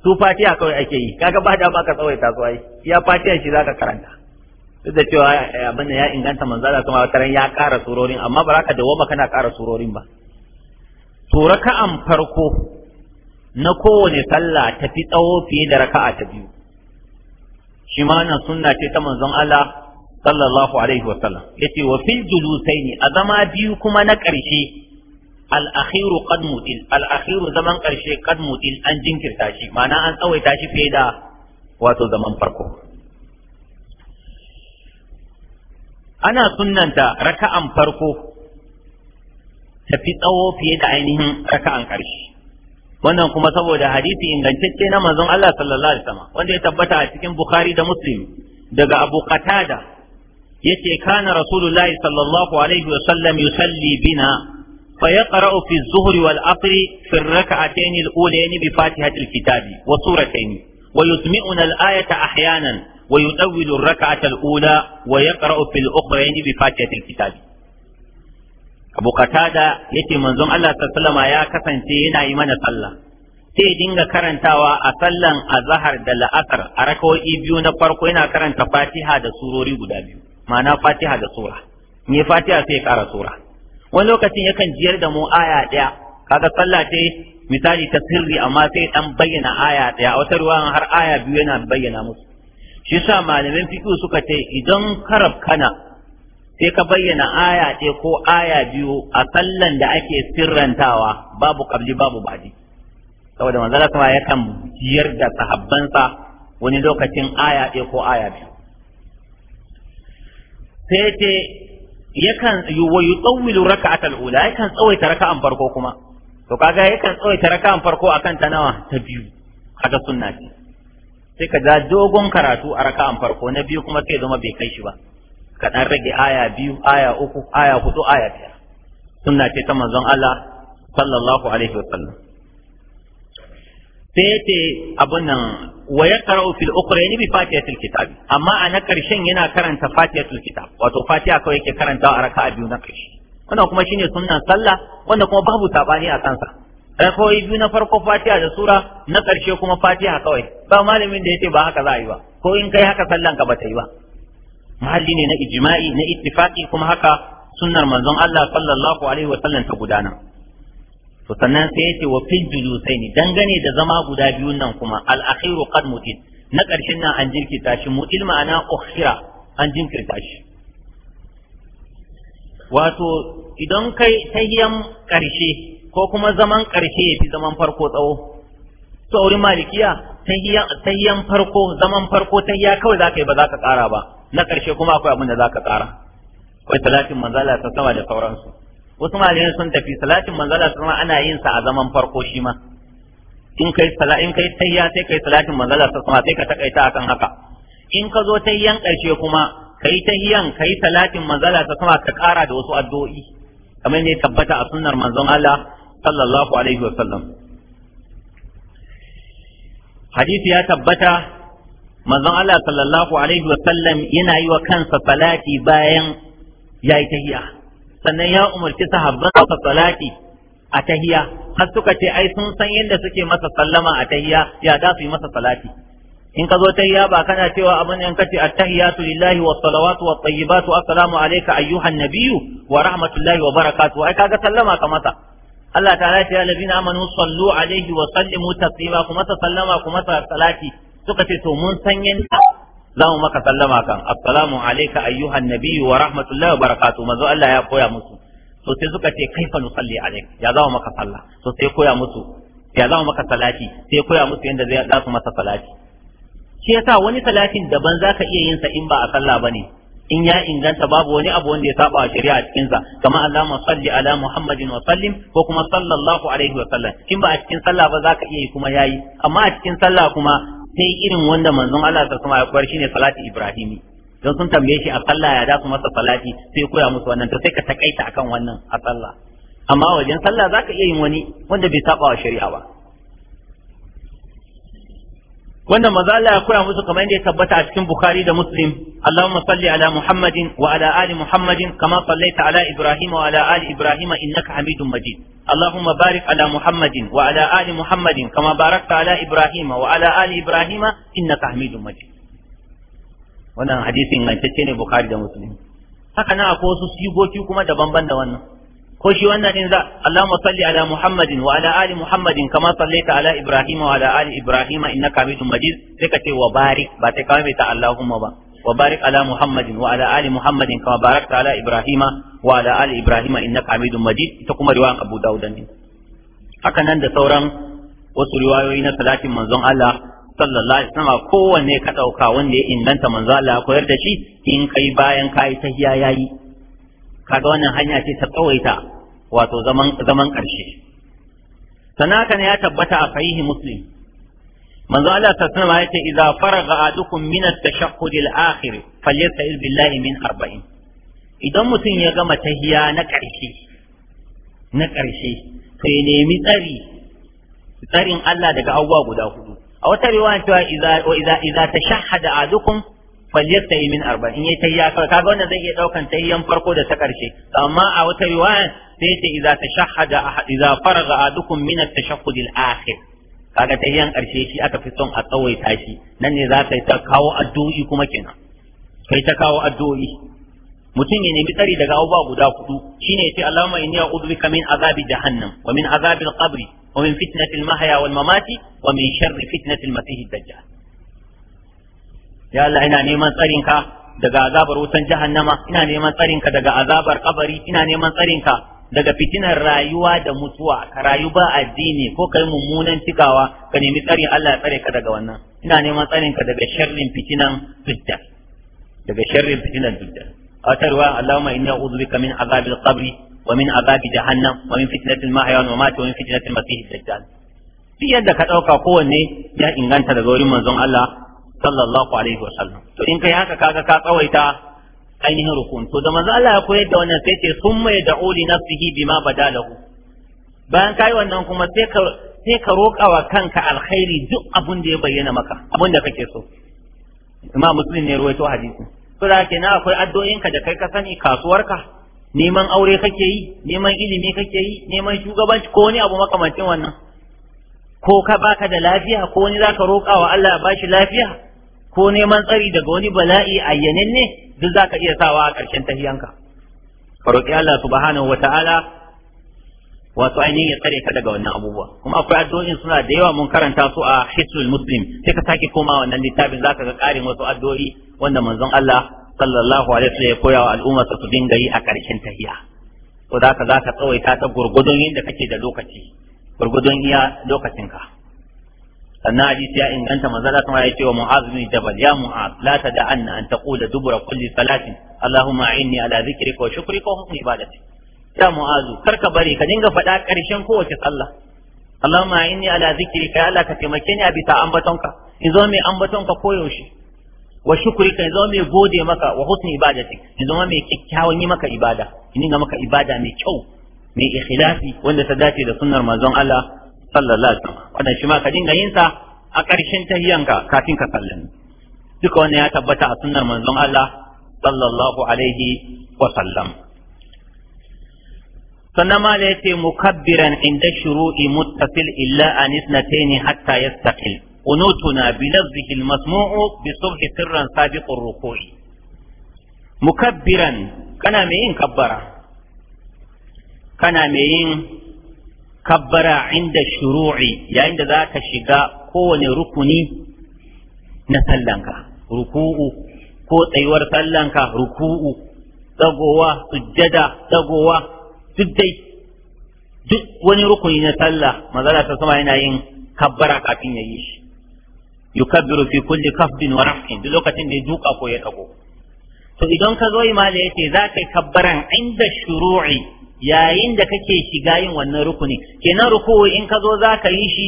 su fatiha kawai ake yi kaga ba da ka tsawaita su ai ya fatiha shi zaka karanta duk da cewa eh, abin ya inganta manzala kuma wata ya ƙara surorin amma ba za ka dawoma kana ƙara surorin ba to raka'an farko na kowane sallah tafi tsawo fiye da raka'a ta biyu shi ma nan sunna ce ta manzon Allah sallallahu alaihi wa sallam yace wa fil julusaini a zama biyu kuma na ƙarshe al-akhiru qad mutil al-akhiru zaman ƙarshe qad mutil an jinkirta shi Mana an tsawaita shi fiye da wato zaman farko ana sunnanta raka'an farko tafi tsawo fiye da ainihin raka'an ƙarshe wannan kuma saboda hadisi ingantacce na manzon Allah sallallahu alaihi wasallam wanda ya tabbata a cikin Bukhari da Muslim daga Abu Qatada yace kana Rasulullahi sallallahu alaihi wasallam yusalli bina فيقرأ في الظهر والعصر في الركعتين الأولين Wa الكتاب وسورتين ويسمعنا ayata ahyanan ويطول الركعة الأولى ويقرأ في الأخرين بفاتحة الكتاب أبو قتادة يتي منظوم الله صلى الله عليه وسلم يا كسن سينا إيمان صلى sai dinga karantawa a sallan azahar da la'asar a rakawo'i biyu na farko yana karanta fatiha da surori guda biyu ma'ana fatiha da sura ne fatiha sai ya kara sura wani lokacin yakan jiyar da mu aya ɗaya kaga sallah ce misali ta sirri amma sai dan bayyana aya ɗaya wata ruwan har aya biyu yana bayyana musu shi sa malamin fiƙo suka ce idan karab kana sai ka bayyana aya ɗaya ko aya biyu a sallan da ake sirrantawa babu qabli babu baɗi, saboda manzala ya yakan jiyar da sahabbansa wani lokacin aya ɗaya ko aya biyu sai ce yakan wa ra'ka raka'atal ula yakan tsawaita an farko kuma to kaga yakan tsawaita an farko akan ta nawa ta biyu kaga sunna ce sai ka ja dogon karatu a an farko na biyu kuma sai zama bai kai shi ba ka dan rage aya biyu aya uku aya hudu aya biyar sunna ce ta manzon Allah sallallahu alaihi wa sallam sai ce abun nan wa yaqra'u fil ukhrayn bi fatihatil kitab amma a na karshen yana karanta fatihatul kitab wato fatiha kawai yake karanta a raka biyu na karshe wannan kuma shine sunnan sallah wannan kuma babu sabani a kansa rakawai biyu na farko fatiha da sura na ƙarshe kuma fatiha kawai ba malamin da ce ba haka za a yi ba ko in kai haka sallan ka ba ta yi ba mahalli ne na ijma'i na ittifaqi kuma haka sunnar manzon Allah sallallahu alaihi wa sallam ta gudana to sannan sai yace wa fil julusaini dangane da zama guda biyun nan kuma al akhiru qad mutin na ƙarshen nan an jinkirta shi mutil ma'ana ukhira an jinkirta shi wato idan kai tahiyan ƙarshe ko kuma zaman ƙarshe ya fi zaman farko tsawo to a wurin malikiya tahiyan farko zaman farko tahiya kawai za ka yi ba za ka ƙara ba na ƙarshe kuma akwai abin da za ka ƙara akwai salatin manzala ta sama da sauransu wasu malayan sun tafi salatin manzala ta sama ana yin sa a zaman farko shi ma in kai yi in kai tahiya sai kai salatin manzala ta sama sai ka takaita akan haka in ka zo tahiyan ƙarshe kuma kai tahiyan kai salatin manzala ta sama ka ƙara da wasu addu'o'i kamar ne tabbata a sunnar manzon Allah sallallahu alaihi wasallam hadisi ya tabbata manzon Allah sallallahu alaihi wasallam yana yi wa kansa salati bayan ya yi tahiya sannan ya umarci sahabban sa salati a tahiya har suka ce ai sun san yadda suke masa sallama a tahiya ya da su yi masa salati in ka zo tahiya ba kana cewa abin in kace attahiyatu lillahi was salawatu was tayyibatu assalamu alayka ayyuhan nabiyyu wa rahmatullahi wa barakatuh ai kaga sallama ka masa Allah ta'ala ce allazina amanu sallu alaihi wa sallimu taslima kuma ta sallama kuma ta salati suka ce to mun san yanda za mu maka sallama kan assalamu alayka ayyuhan nabiyyu wa rahmatullahi wa barakatuh manzo Allah ya koya musu to sai suka ce kaifa nusalli alayk ya za mu maka sallah to sai koya musu ya za mu maka salati sai koya musu yanda zai za masa salati shi yasa wani salatin daban zaka iya yin sa in ba a sallah bane in ya inganta babu wani abu wanda ya saba wa shari'a a cikin sa kama salli ala Muhammadin wa sallim ko kuma sallallahu alaihi wa sallam in ba a cikin sallah ba zaka iya yi kuma yayi amma a cikin sallah kuma sai irin wanda manzon Allah ta kuma ya kwar shine salati ibrahimi don sun tambaye shi a sallah ya da masa salati sai koya musu wannan to sai ka takaita akan wannan a sallah amma wajen sallah zaka iya yin wani wanda bai saba wa shari'a ba wannan manzo Allah ya koya musu kamar yadda tabbata a cikin Bukhari da Muslim Allahumma salli ala Muhammadin wa ala ali Muhammadin kama sallaita ala Ibrahim wa ala ali Ibrahim innaka Hamidum Majid Allahumma barik ala Muhammadin wa ala ali Muhammadin kama barakta ala Ibrahim wa ala ali Ibrahim innaka Hamidum Majid wannan hadisin nan ne Bukhari da Muslim haka nan akwai wasu sigoki kuma daban-ban da wannan ko shi wannan din za Allahumma salli ala Muhammadin wa ala ali Muhammadin kama sallaita ala Ibrahim wa ala ali Ibrahim innaka Hamidum Majid sai ka ce wa barik ba sai ka mai ta Allahumma ba wa barik ala Muhammadin wa ala ali Muhammadin kama barakta ala Ibrahim wa ala ali Ibrahim innaka Hamidum Majid ita kuma riwayan Abu Dawud din haka nan da sauran wasu riwayoyi na salatin manzon Allah sallallahu alaihi wasallam kowanne ka dauka wanda ya inganta manzon Allah ya koyar da shi in kai bayan kai tahiya yayi kaga wannan hanya ce ta tsawaita wato zaman zaman ƙarshe sanaka kana ya tabbata a sahihi muslim manzo Allah ta sanar ya ce idza faraga adukum min at-tashahhud al-akhir falyasta'id billahi min arba'in idan mutum ya gama tahiya na ƙarshe na ƙarshe sai nemi tsari tsarin Allah daga abubuwa guda hudu a wata riwaya cewa idza idza idza tashahhada adukum falyasta min arba in ta iya ka kaga wannan zai iya daukan iya farko da ta karshe amma a wata riwaya sai ta idza tashahhada ahad idza faraga ahadukum min ta tashahhud al-akhir kaga iya karshe shi aka fi son a tsawaita shi nan ne za ka ta kawo addu'i kuma kenan kai ta kawo addu'o'i mutum ya nemi tsari daga abubuwa guda hudu shine ya ce Allahumma inni a'udhu min azabi jahannam wa min azabil al-qabri wa min fitnati al-mahya wal mamati wa min sharri fitnati al-masih ad-dajjal ya Allah ina neman tsarinka daga azabar wutan jahannama ina neman tsarinka daga azabar kabari ina neman tsarinka daga fitinar rayuwa da mutuwa ka rayu ba addini ko kai mummunan cikawa ka nemi tsarin Allah ya tsare ka daga wannan ina neman tsarinka daga sharrin fitinan dujjal daga sharrin fitinan dujjal a tarwa Allahumma inni a'udhu bika min azabil qabri ومن عذاب جهنم ومن wa المحيا والممات ومن فتنة المسيح الدجال yadda ka أتوقع kowanne ya inganta أنت لغوري منزون Allah. sallallahu alaihi wasallam to in kai haka kaga ka tsawaita ainihin rukun to da manzo Allah ya koyar da wannan sai ce summa yad'u li nafsihi bima badalahu bayan kai wannan kuma sai ka sai ka roƙa wa kanka alkhairi duk abun da ya bayyana maka abun da kake so imam muslim ne ruwaito hadisi to da na akwai addu'o'inka da kai ka sani kasuwarka neman aure kake yi neman ilimi kake yi neman shugabanci ko wani abu makamancin wannan ko ka baka da lafiya ko wani zaka roƙa wa Allah ya bashi lafiya ko neman tsari daga wani bala'i ayyananne duk za ka iya sawa a ƙarshen tahiyanka ka roƙi Allah subhanahu Ta'ala wasu ainihin ya tsare ka daga wannan abubuwa kuma akwai addu'o'in suna da yawa mun karanta su a hisul muslim sai ka sake koma wannan littafin zaka ga ƙarin wasu addu'o'i wanda manzon Allah sallallahu alaihi wasallam ya koya wa al'umma su dinga yi a ƙarshen tahiya ko zaka zaka tsawaita ta gurgudun yadda kake da lokaci gurgudun iya lokacinka sannan hadisi ya inganta manzala kuma ya ce wa mu'az bin jabal ya mu'az la tad'anna an taqula dubura kulli salatin allahumma inni ala dhikrika wa shukrika wa husni ibadati ya mu'az kar ka bari ka dinga faɗa ƙarshen kowace sallah allahumma inni ala dhikrika ya Allah ka taimake ni a bisa ambatonka in zo mai ambatonka koyaushe wa shukrika in zo mai gode maka wa husni ibadati in zo mai kyakkyawan yi maka ibada in dinga maka ibada mai kyau mai ikhlasi wanda ta dace da sunnar manzon Allah sallallahu alaihi wasallam wannan shi ma ka dinga yin sa a ƙarshen tahiyanka kafin ka sallami duka wannan ya tabbata a sunnar manzon Allah sallallahu alaihi wasallam sannan ma da yace mukabbiran inda shuru'i muttasil illa an isnatayn hatta yastaqil qunutuna bi lafzihi al-masmu'u bi subhi sirran sabiqur ruku'i mukabbiran kana mai yin kabbara kana mai yin kabbara inda shuru'i yayin da za ka shiga kowane rukuni na sallanka ruku'u ko tsayuwar sallanka ruku'u dagowa sujjada dagowa duk dai duk wani rukuni na sallah manzala ta sama yana yin kabbara kafin ya yi shi yukabbiru fi kulli kafdin wa raf'in duk lokacin da ya duka ko ya dago to idan ka zo imala yace za ka yi kabbaran inda shuru'i yayin da kake shiga yin wannan rukuni kenan ruku'u in ka zo za ka yi shi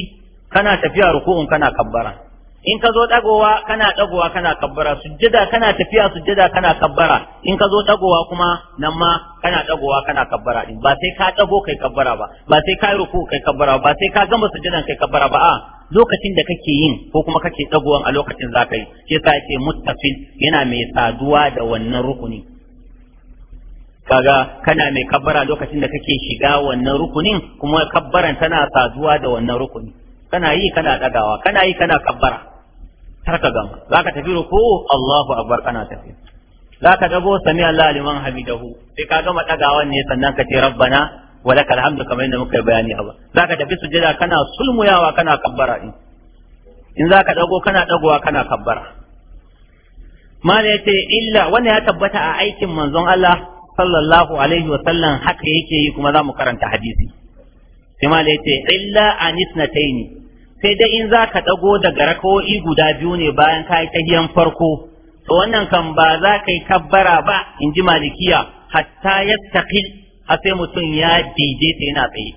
kana tafiya ruku'un kana kabbara in ka zo dagowa kana dagowa kana kabbara sujjada kana tafiya sujjada kana kabbara in ka zo dagowa kuma nan ma kana dagowa kana kabbara din ba sai ka dago kai kabbara ba ba sai ka yi kai kabbara ba sai ka gama sujjadan kai kabbara ba a lokacin da kake yin ko kuma kake dagowan a lokacin za ka yi shi yasa ce muttafil yana mai saduwa da wannan rukuni kaga kana mai kabbara lokacin da kake shiga wannan rukunin kuma kabbaran tana saduwa da wannan rukuni kana yi kana dagawa kana yi kana kabbara har ka gama za ka tafi ruku Allahu akbar kana tafi zaka dago sami Allah liman hamidahu sai ka gama dagawan ne sannan ka ce rabbana walakal hamdu kamar yadda muka yi bayani a ba ka tafi sujada kana sulmuyawa kana kabbara din in ka dago kana dagowa kana kabbara mala yace illa wannan ya tabbata a aikin manzon Allah sallallahu alaihi wa sallam haka yake yi kuma za mu karanta hadisi sai ma ce illa anisnataini sai dai in zaka ka ɗago daga rakawo'i guda biyu ne bayan ka yi tahiyan farko to wannan kan ba za ka yi kabbara ba in ji malikiya hatta ya taƙil a sai mutum ya daidaita yana tsaye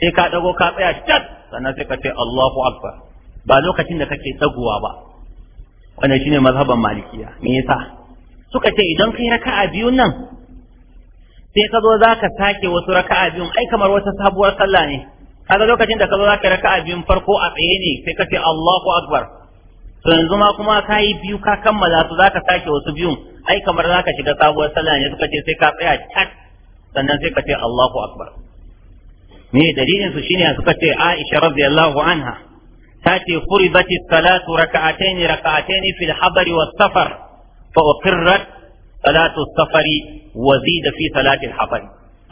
sai ka ɗago ka tsaya cat sannan sai ka ce Allahu Akbar ba lokacin da kake tsaguwa ba wannan shine mazhaban malikiya me yasa suka ce idan kai raka'a biyun nan sai ka zo za ka sake wasu raka'a biyun ai kamar wata sabuwar sallah ne kaga lokacin da ka zo za ka raka'a biyun farko a tsaye ne sai ka ce Allahu akbar to yanzu ma kuma ka yi biyu ka kammala su za ka sake wasu biyun ai kamar za ka shiga sabuwar sallah ne suka ce sai ka tsaya cat sannan sai ka ce Allahu akbar me dalilin su shine suka ce Aisha radiyallahu anha ta ce furibatis salatu raka'ataini raka'ataini fil habari was safar fa uqirrat salatu safari وزيد في صلاة الحفر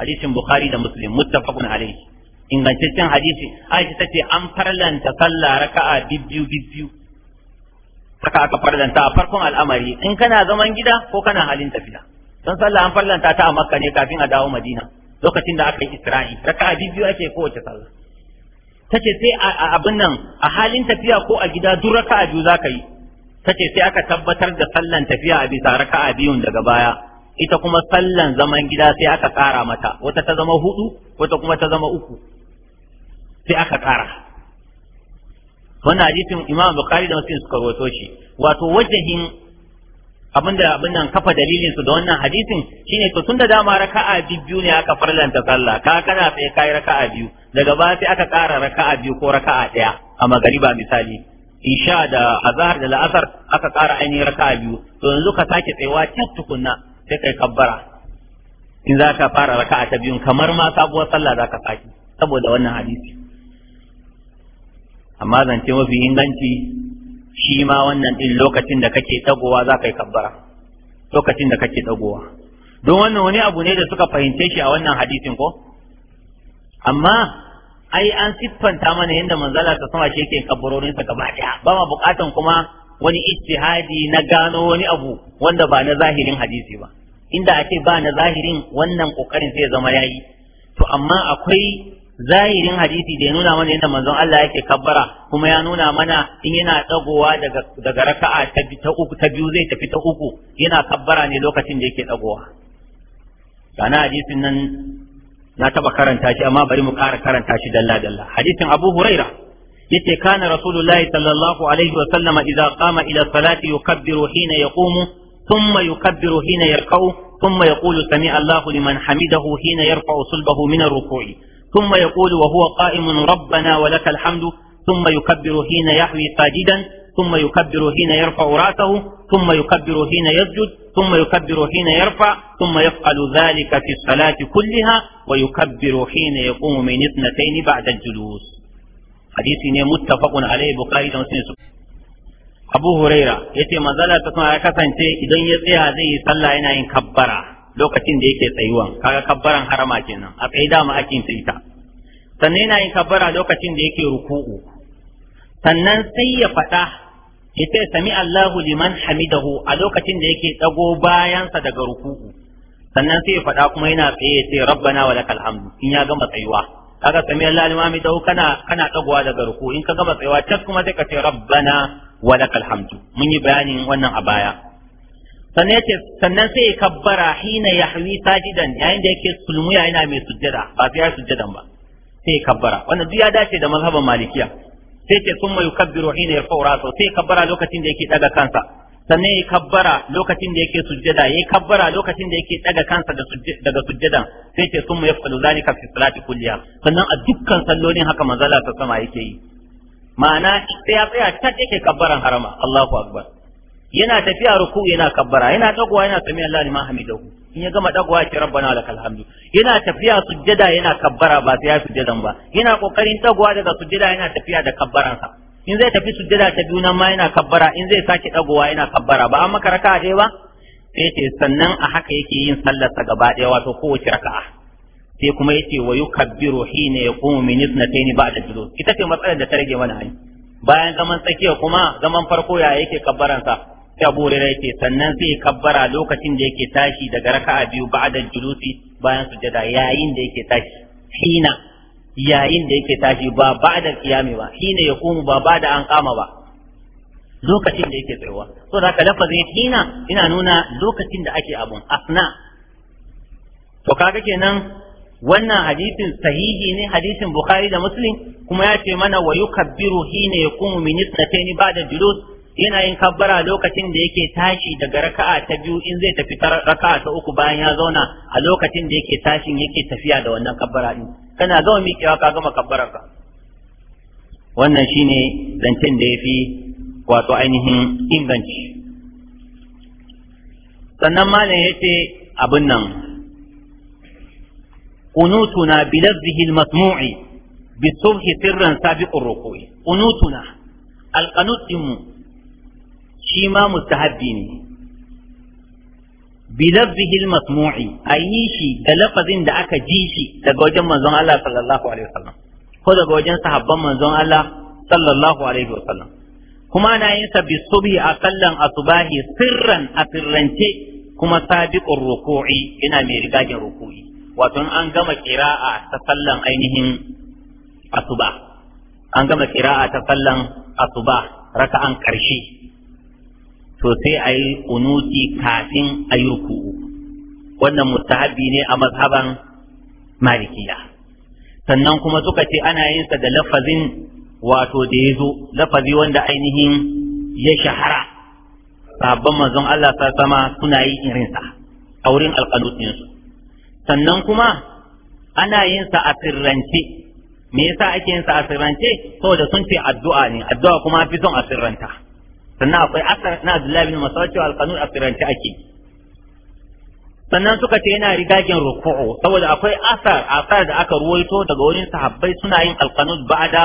حديث بخاري ده مسلم متفق عليه ingantaccen hadisi aisha tace an farlanta sallah raka'a bibbiyu bibbiyu haka aka farlanta a farkon al'amari in kana zaman gida ko kana halin tafiya don sallah an farlanta ta a makka ne kafin a dawo madina lokacin da aka yi isra'i raka'a bibbiyu ake kowace sallah tace sai a abin nan a halin tafiya ko a gida duk raka'a biyu zaka yi tace sai aka tabbatar da sallan tafiya a bisa raka'a biyu daga baya ita kuma sallan zaman gida sai aka ƙara mata wata ta zama hudu wata kuma ta zama uku sai aka ƙara wannan hadisin imam bukari da muslim suka rawaito shi wato wajahin abinda abin nan kafa dalilin su da wannan hadisin shine to tunda dama raka'a biyu ne aka farlanta sallah ka kana sai kai raka'a biyu daga ba sai aka ƙara raka'a biyu ko raka'a daya a magariba misali isha da azhar da la'asar aka ƙara ainihin raka'a biyu to yanzu ka sake tsayawa tat tukunna sai kai kabbara in za ka fara raka ta biyun kamar ma sabuwar sallah za ka faki saboda wannan hadisi amma zance mafi inganci shi ma wannan din lokacin da kake dagowa za ka yi kabbara lokacin da kake dagowa don wannan wani abu ne da suka fahimce shi a wannan hadisin ko amma ai an siffanta mana yadda manzala ta sama shi yake kabbarorinsa gaba ɗaya ba ma bukatan kuma wani ijtihadi na gano wani abu wanda ba na zahirin hadisi ba inda a ce ba na zahirin wannan kokarin zai zama yayi to amma akwai zahirin hadisi da ya nuna mana yadda manzon Allah yake kabbara kuma ya nuna mana in yana dagowa daga daga raka'a ta ta uku ta biyu zai tafi ta uku yana kabbara ne lokacin da yake dagowa kana hadisin nan na taba karanta shi amma bari mu ƙara karanta shi dalla dalla hadisin Abu Huraira yace kana rasulullahi sallallahu alaihi wa sallama idza qama ila salati yukabbiru hina yaqumu thumma yukabbiru hina yarka'u thumma yaqulu sami allah liman hamidahu hina yarfa'u sulbahu min ar-ruku'i thumma yaqulu wa huwa qa'imun rabbana wa lakal hamdu thumma yukabbiru hina yahwi sajidan ثم يكبر حين يرفع راسه ثم يكبر حين يسجد ثم يكبر حين يرفع ثم يفعل ذلك في الصلاة كلها ويكبر حين يقوم من اثنتين بعد الجلوس hadisi ne muttafaqun alaihi bukhari da muslim abu huraira yace manzala ta ya kasance idan ya tsaya zai yi sallah yana yin kabbara lokacin da yake tsayuwan kaga kabbaran harama kenan a tsaye dama ake ta ita sannan yana yin kabbara lokacin da yake ruku'u sannan sai ya faɗa yace sami Allahu liman hamidahu a lokacin da yake dago bayansa daga ruku'u sannan sai ya faɗa kuma yana tsaye yace rabbana walakal hamdu in ya gama tsayuwa kaga sami Allah limami dau kana kana dagowa daga garko in ka gama tsayawa tas kuma sai ka ce rabbana wa lakal hamdu mun yi bayanin wannan a baya sannan yace sannan sai kabbara hina yahwi sajidan yayin da yake sulmuya yana mai sujjada ba sai ya sujjadan ba sai kabbara wannan duk ya dace da mazhaban malikiya sai sun mai yukabbiru hina yarfa'u ra'sahu sai kabbara lokacin da yake daga kansa sannan ya kabbara lokacin da yake sujjada ya kabbara lokacin da yake daga kansa daga sujjada sai ce sun mu ya yafqalu zani fi salati kulliya sannan a dukkan sallolin haka mazala ta sama yake yi ma'ana sai ya tsaya ta yake kabbaran harama Allahu akbar yana tafiya ruku yana kabbara yana dagowa yana sami Allah liman hamidahu in ya gama dagowa ya ce rabbana lakal hamdu yana tafiya sujjada yana kabbara ba sai ya sujjadan ba yana kokarin dagowa daga sujjada yana tafiya da sa in zai tafi sujjada ta biyu nan ma yana kabbara in zai sake dagowa yana kabbara ba an maka raka'a ɗaya ba sai ce sannan a haka yake yin sallarsa gaba ɗaya wato kowace raka'a sai kuma yace wa yukabbiru hina yaqumu min ithnatayn ba'da julus ita ce matsalar da ta rage mana hani bayan zaman tsakiya kuma zaman farko ya yake kabbaran sa sai Abu Hurairah ce sannan sai kabbara lokacin da yake tashi daga raka'a biyu ba'da julusi bayan sujada yayin da yake tashi hina yayin da yake tashi ba ba da kiyami ba shine ya kuma ba ba da an kama ba lokacin da yake tsayuwa so da haka lafazin hina ina nuna lokacin da ake abun asna to kaga kenan wannan hadisin sahihi ne hadisin bukhari da muslim kuma ya ce mana wa yukabbiru hina yakumu min ithnatayn ba'da julus yana yin kabbara lokacin da yake tashi daga raka'a ta biyu in zai tafi ta raka'a ta uku bayan ya zauna a lokacin da yake tashin yake tafiya da wannan kabbara din kana zama miƙewa ka gama kabbarar ka wannan shine zancen da yafi wato ainihin inganci sannan malam yace abin nan qunutuna bi lafzihi al-masmu'i bi sirrin sirran sabiqur ruku'i qunutuna al-qanut shi ma mustahabbi ne bilabbihi masmu'i ayi shi da lafazin da aka ji shi daga wajen manzon Allah sallallahu alaihi wasallam ko daga wajen sahabban manzon Allah sallallahu alaihi wasallam kuma ana yin sa bi subhi aqallan asbahi sirran a sirrance kuma sabiqur ruku'i ina mai rigajin ruku'i wato an gama qira'a ta sallan ainihin asuba an gama qira'a ta sallan asuba raka'an karshe to sai a yi kunuti kafin a yi ruku'u wannan mustahabi ne a mazhaban malikiya sannan kuma suka ce ana yin sa da lafazin wato da ya zo lafazi wanda ainihin ya shahara sabon manzon Allah ta sama suna yi irinsa a wurin su sannan kuma ana yin sa a sirrance me yasa ake yin sa a sirrance saboda sun ce addu'a ne addu'a kuma fi son a sirranta sannan akwai asar na Abdullahi bin Mas'ud cewa a firanta ake sannan suka ce yana rigagen ruku'u saboda akwai asar asar da aka ruwaito daga wurin sahabbai suna yin alqanun ba'da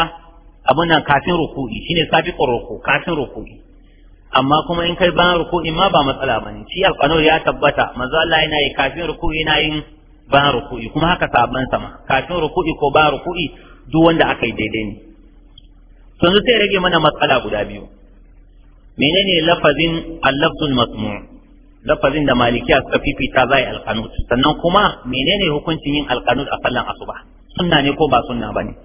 abun nan kafin ruku'i shine sabiqur ruku kafin ruku'i amma kuma in kai bayan ruku'i ma ba matsala bane shi alqanun ya tabbata manzo Allah yana yi kafin ruku'i yana yin bayan ruku'i kuma haka sahabban sama kafin ruku'i ko bayan ruku'i duk wanda aka yi daidai ne sun sai rage mana matsala guda biyu menene lafazin al masmu' lafazin da malikiya suka fifita zai alqanut sannan kuma menene hukuncin yin alqanut a sallan asuba sunna ne ko ba sunna bane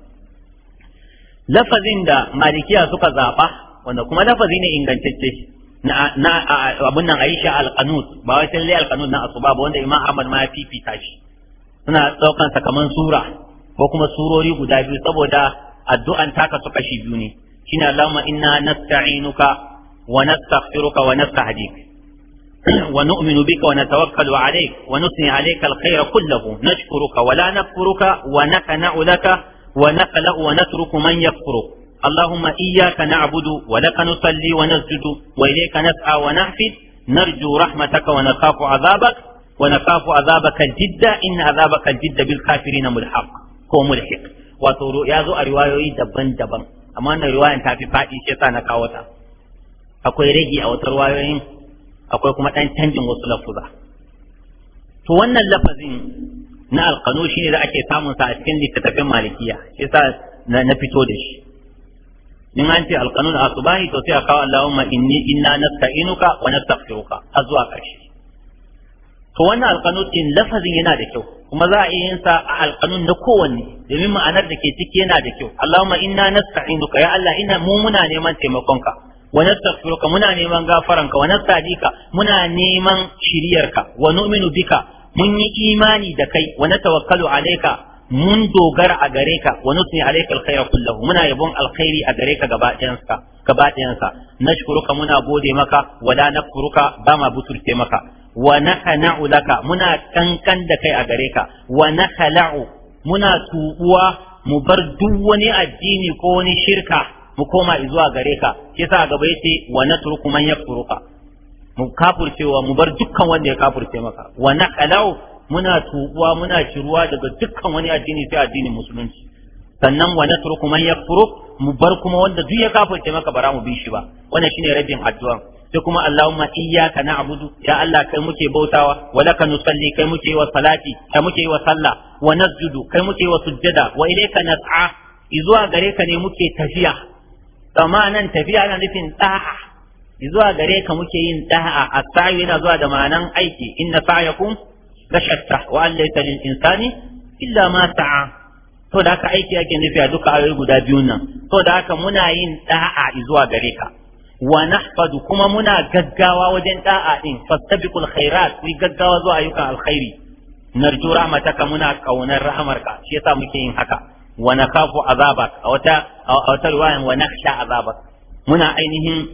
lafazin da malikiya suka zaba wanda kuma lafazi ne ingantacce na abun nan Aisha alqanut ba wai sai alqanut na asuba ba wanda Imam Ahmad ma ya fifita shi suna daukan sa kaman sura ko kuma surori guda biyu saboda addu'an taka su kashi biyu ne shine Allahumma inna nasta'inuka ونستغفرك ونستهديك ونؤمن بك ونتوكل عليك ونثني عليك الخير كله نشكرك ولا نكفرك ونقنع لك ونقلأ ونترك من يكفرك اللهم إياك نعبد ولك نصلي ونسجد وإليك نسعى ونحفد نرجو رحمتك ونخاف عذابك ونخاف عذابك الجد إن عذابك الجد بالكافرين ملحق هو ملحق وتورو يازو الرواية دبن دبن أما أن الرواية تافي فاتي شيطانك وتافي akwai rage a wasu wayoyin akwai kuma ɗan canjin wasu lafuza to wannan lafazin na alkanu shi ne da ake samun sa a cikin littattafin malikiya shi sa na fito da shi in an ce alkanu da asubahi to sai a kawo allahumma inni inna nasta'inuka wa nastaghfiruka a zuwa ƙarshe to wannan alkanun din lafazin yana da kyau kuma za a iya yin sa a alkanun na kowanne domin ma'anar da ke ciki yana da kyau Allahumma inna nasta'inuka ya Allah ina mu muna neman taimakonka wa nastaghfiruka muna neman gafaranka wa nastajika muna neman shiriyarka wa nu'minu bika mun yi imani da kai wa natawakkalu alayka mun dogara a gare ka wa nusni alayka alkhayra kullahu muna yabon alkhairi a gare ka gaba ka gaba nashkuruka muna gode maka wala nakfuruka ba ma buturce maka wa nahna'u laka muna kankan da kai a gare ka wa nahla'u muna tubuwa mu bar duk wani addini ko wani shirka mu koma zuwa gare ka yasa gaba yace wa natruku man yakfuruka mu kafurcewa mu bar dukkan wanda ya kafurce maka wa naqalau muna tubuwa muna shiruwa daga dukkan wani addini sai addinin musulunci sannan wa natruku man yakfuruk mu bar kuma wanda duk ya kafurce maka bara mu bi shi ba wannan shine rabin addu'a sai kuma Allahumma iyyaka na'budu ya Allah kai muke bautawa wa laka nusalli kai muke wa salati kai muke wa sallah wa nasjudu kai muke wa sujjada wa ilayka nas'a izuwa gare ka ne muke tafiya amma nan tafiya na nufin da'a zuwa gare ka muke yin da'a as-sa'yu yana zuwa da ma'anan aiki inna sa'yakum la shatta wa an lil insani illa ma sa'a to da haka aiki yake nufi a duka ayoyi guda biyun nan to da haka muna yin da'a zuwa gare ka wa nahfadu kuma muna gaggawa wajen da'a din fastabiqul khairat ku gaggawa zuwa ayyukan alkhairi narju rahmataka muna kaunar rahmarka, shi yasa muke yin haka wa nakhafu azabak a wata a wata riwayan wa nakhsha azabak muna ainihin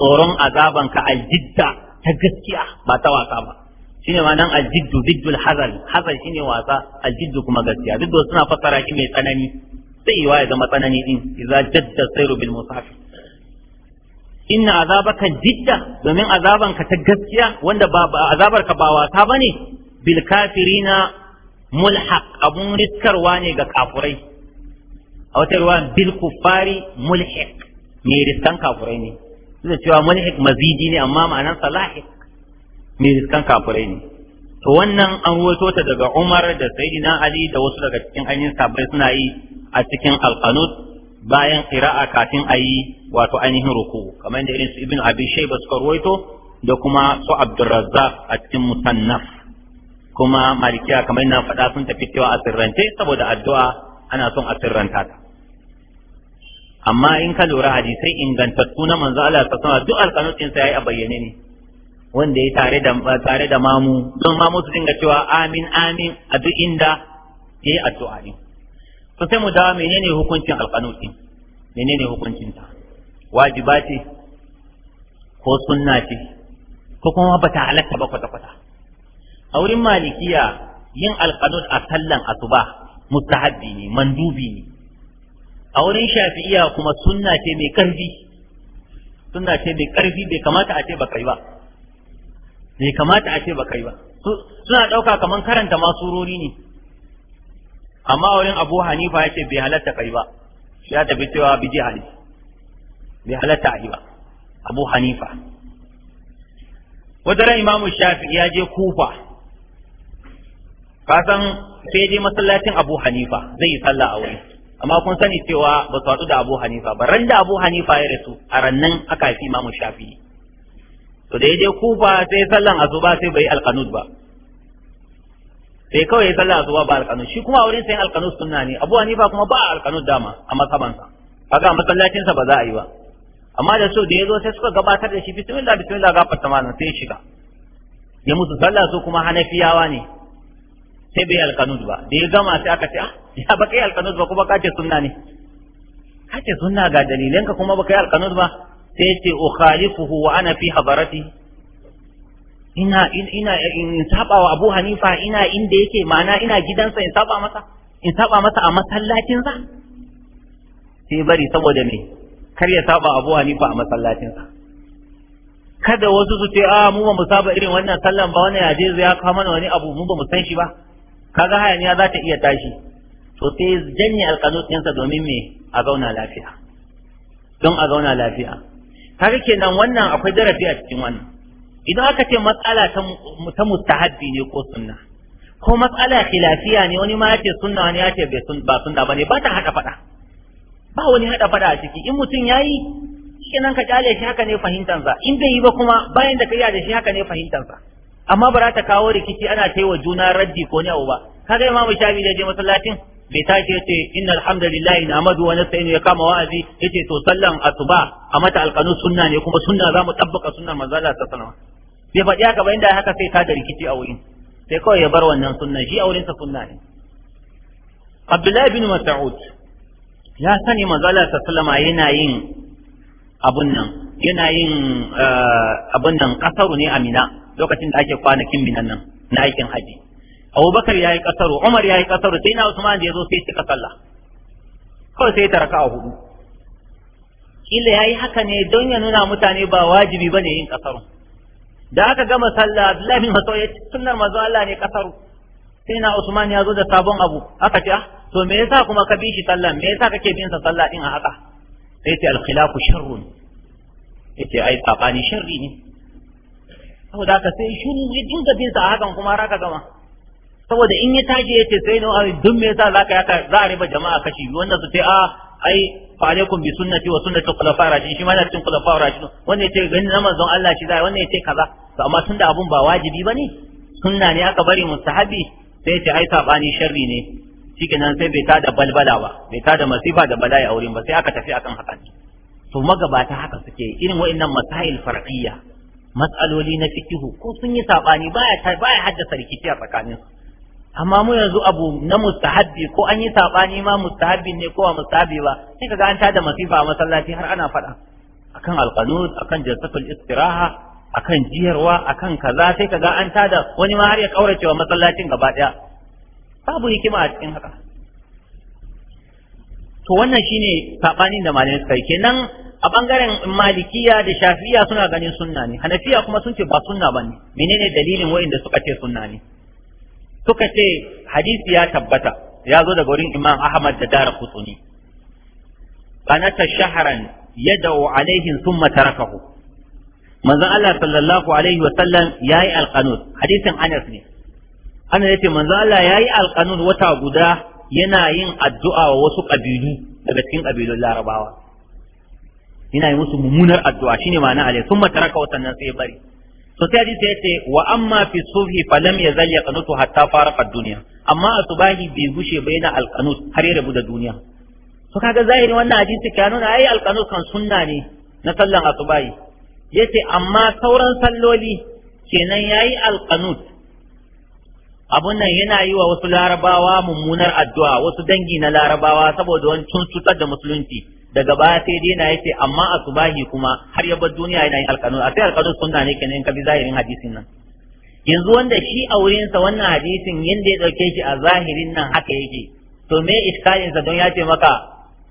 tsoron azaban ka aljidda ta gaskiya ba ta wasa ba shine ma nan aljiddu biddul hazal hazal shine wasa aljiddu kuma gaskiya duk suna fassara shi mai tsanani sai yiwa ya zama tsanani din idza jadda sayru bil musafir inna azabaka jidda domin ka ta gaskiya wanda ba azabarka ba wasa bane bil kafirina mulhaq abun riskarwa ne ga kafurai a wata ruwan bil kuffari mai riskan kafurai ne da cewa mulhiq mazidi ne amma ma'anar salahiq mai riskan kafurai ne to wannan an ruwato ta daga Umar da Sayyidina Ali da wasu daga cikin ainihin sabai suna yi a cikin alqanut bayan qira'a kafin ayi wato ainihin ruku kamar da irin su Ibn Abi Shayba suka ruwaito da kuma su Abdurrazzaq a cikin musannaf kuma malikiya kamar na faɗa sun tafi cewa a sirrance saboda addu'a ana son a sirranta ta amma in ka lura hadisai ingantattu na manzo Allah ta sama duk alƙanutin sa yayi a bayyane ne wanda ya tare da tare da mamu don mamu su dinga cewa amin amin a duk inda yayi addu'a ne to sai mu dawo menene hukuncin alƙanutin menene hukuncin ta wajiba ce ko sunna ce ko kuma bata halatta ba kwata kwata a wurin malikiya yin alqanut a sallan asuba mustahabbi ne mandubi ne a wurin shafi'iya kuma sunna ce mai karfi sunna ce mai karfi bai kamata a ce ba kai ba bai kamata a ce ba ba suna ɗauka kamar karanta masurori ne amma a wurin abu hanifa ya ce bai halatta kai ba ya tafi cewa biji hali bai halatta a yi ba abu hanifa wata ran imamu shafi ya je kufa ka san sai dai masallacin Abu Hanifa zai yi sallah a wurin amma kun sani cewa ba su watsu da Abu Hanifa ba ran da Abu Hanifa ya rasu a rannan aka fi Imam Shafi'i to da je Kufa sai sallan azuba sai bai alqanud ba sai kawai ya sallan azuba ba alqanud shi kuma a wurin sai alqanud sunna ne Abu Hanifa kuma ba alqanud dama a masabansa kaga masallacin sa ba za a yi ba amma da so da yazo sai suka gabatar da shi bismillah bismillah gafarta malam sai ya shiga ya musu sallah su kuma hanafiyawa ne sai bai alkanut ba da ya gama sai aka ce a ah, ya ba kai alkanut ba kuma ka ce sunna ne ka ce sunna ga dalilanka kuma ba kai alkanut ba sai ya ce ukhalifuhu wa ana fi habarati ina ina in saba wa Abu Hanifa ina inda yake ma'ana ina gidansa in saba masa in saba masa a masallacin sa sai bari saboda me kar ya saba Abu Hanifa a masallacin sa kada wasu su ce a ah, mu ba mu saba irin wannan sallan ba wannan yaje ya kawo mana wani abu mu ba mu san shi ba kaga hayaniya za ta iya tashi to sai janye alqanut ɗinsa domin me a zauna lafiya don a zauna lafiya kaga kenan wannan akwai darafi a cikin wannan idan aka ce matsala ta mustahabbi ne ko sunna ko matsala khilafiya ne wani ma yace sunna wani yace bai sun ba sunna bane ba ta hada fada ba wani hada fada a ciki in mutum yayi kenan ka kyale shi haka ne fahimtansa in bai yi ba kuma bayan da ka yi da shi haka ne fahimtansa amma ba za ta kawo rikici ana ta yi wa juna raddi ko ne abu ba kaga imamu shafi da je masallacin bai ta ce ce inna alhamdulillahi nahmadu wa nasta'inu ya kama wa'azi ya ce to sallan asuba a mata alkanu sunna ne kuma sunna mu tabbaka sunna manzo Allah sallallahu alaihi bai faɗi haka ba inda haka sai ta da rikici a wurin sai kawai ya bar wannan sunna shi a wurin sa sunna ne Abdullahi bin Mas'ud ya sani manzo Allah sallallahu yana yin abun nan yana yin eh, abin nan kasaru ne amina lokacin da ake kwanakin minan nan na aikin haji abubakar ya yi kasaru umar ya yi kasaru sai na usman da ya zo sai cika sallah kawai sai ta raka a hudu kila ya yi haka ne don ya nuna mutane ba wajibi ba ne yin kasaru da aka gama sallah abdullahi bin masau ya sunnar Allah ne kasaru sai na usman ya zo da sabon abu aka ce ah, to me yasa kuma ka bi shi sallah me yasa kake bin sa sallah din a haka sai ce al-khilafu sharrun yace ai sabani sharri ne saboda haka sai shiru ya dinga bin sa hakan kuma har aka gama saboda in ya tashi yace sai no ai dun me yasa zaka yaka za a riba jama'a kashi Wannan su ce a ai fa alaikum bi sunnati wa sunnati khulafa rashidin shi ma yana cikin khulafa rashidin wanda yace ganin na manzon Allah shi zai wanda yace kaza to amma tunda abun ba wajibi bane sunna ne aka bari mustahabi sai yace ai sabani sharri ne shikenan sai bai tada balbala ba bai tada masifa da bala'i a wurin ba sai aka tafi akan hakan to magabata haka suke irin wa'annan masail farqiyya matsaloli na fikihu ko sun yi sabani baya baya haddasa rikici a tsakanin su amma mu yanzu abu na mustahabbi ko an yi sabani ma mustahabbi ne ko ba mustahabbi ba sai kaga an tada masifa a masallaci har ana faɗa akan alqanut akan jalsatul istiraha akan jiyarwa akan kaza sai kaga an tada wani ma har ya kaurace wa masallacin gaba daya babu hikima a cikin haka to wannan shine sabanin da malamai suka kenan a bangaren malikiya da shafiya suna ganin sunna ne hanafiya kuma sun ce ba sunna ba ne menene dalilin wa'inda suka ce sunna ne suka ce hadisi ya tabbata ya zo daga wurin imam ahmad da dara kutsuni qanata shahran yad'u alaihim thumma tarakahu manzon Allah sallallahu alaihi wa sallam yayi alqanut hadisin Anas ne ya yace manzan Allah yayi alqanut wata guda yana yin addu'a wa wasu kabilu daga cikin kabilun Larabawa yana yi musu mummunar addu'a shine ma'ana alai sun mataraka wasannan sai bari so sai hadisi yace wa amma fi subhi falam yazal yaqnutu hatta faraqa dunya amma asubahi bai gushe ba yana alqanut har ya rabu da duniya to kaga zahiri wannan hadisi ka nuna ai alqanut kan sunna ne na sallan asubahi yace amma sauran salloli kenan yayi alqanut abun nan yana yi wa wasu larabawa mummunar addu'a wasu dangi na larabawa saboda wani cutar da musulunci daga baya sai dai na yace amma a bahi kuma har ya bar duniya yana yin alƙanun a sai alƙanun sunna ne kenan in ka bi zahirin hadisin nan yanzu wanda shi a wurinsa wannan hadisin yanda ya dauke shi a zahirin nan haka yake to me sa don ya ce maka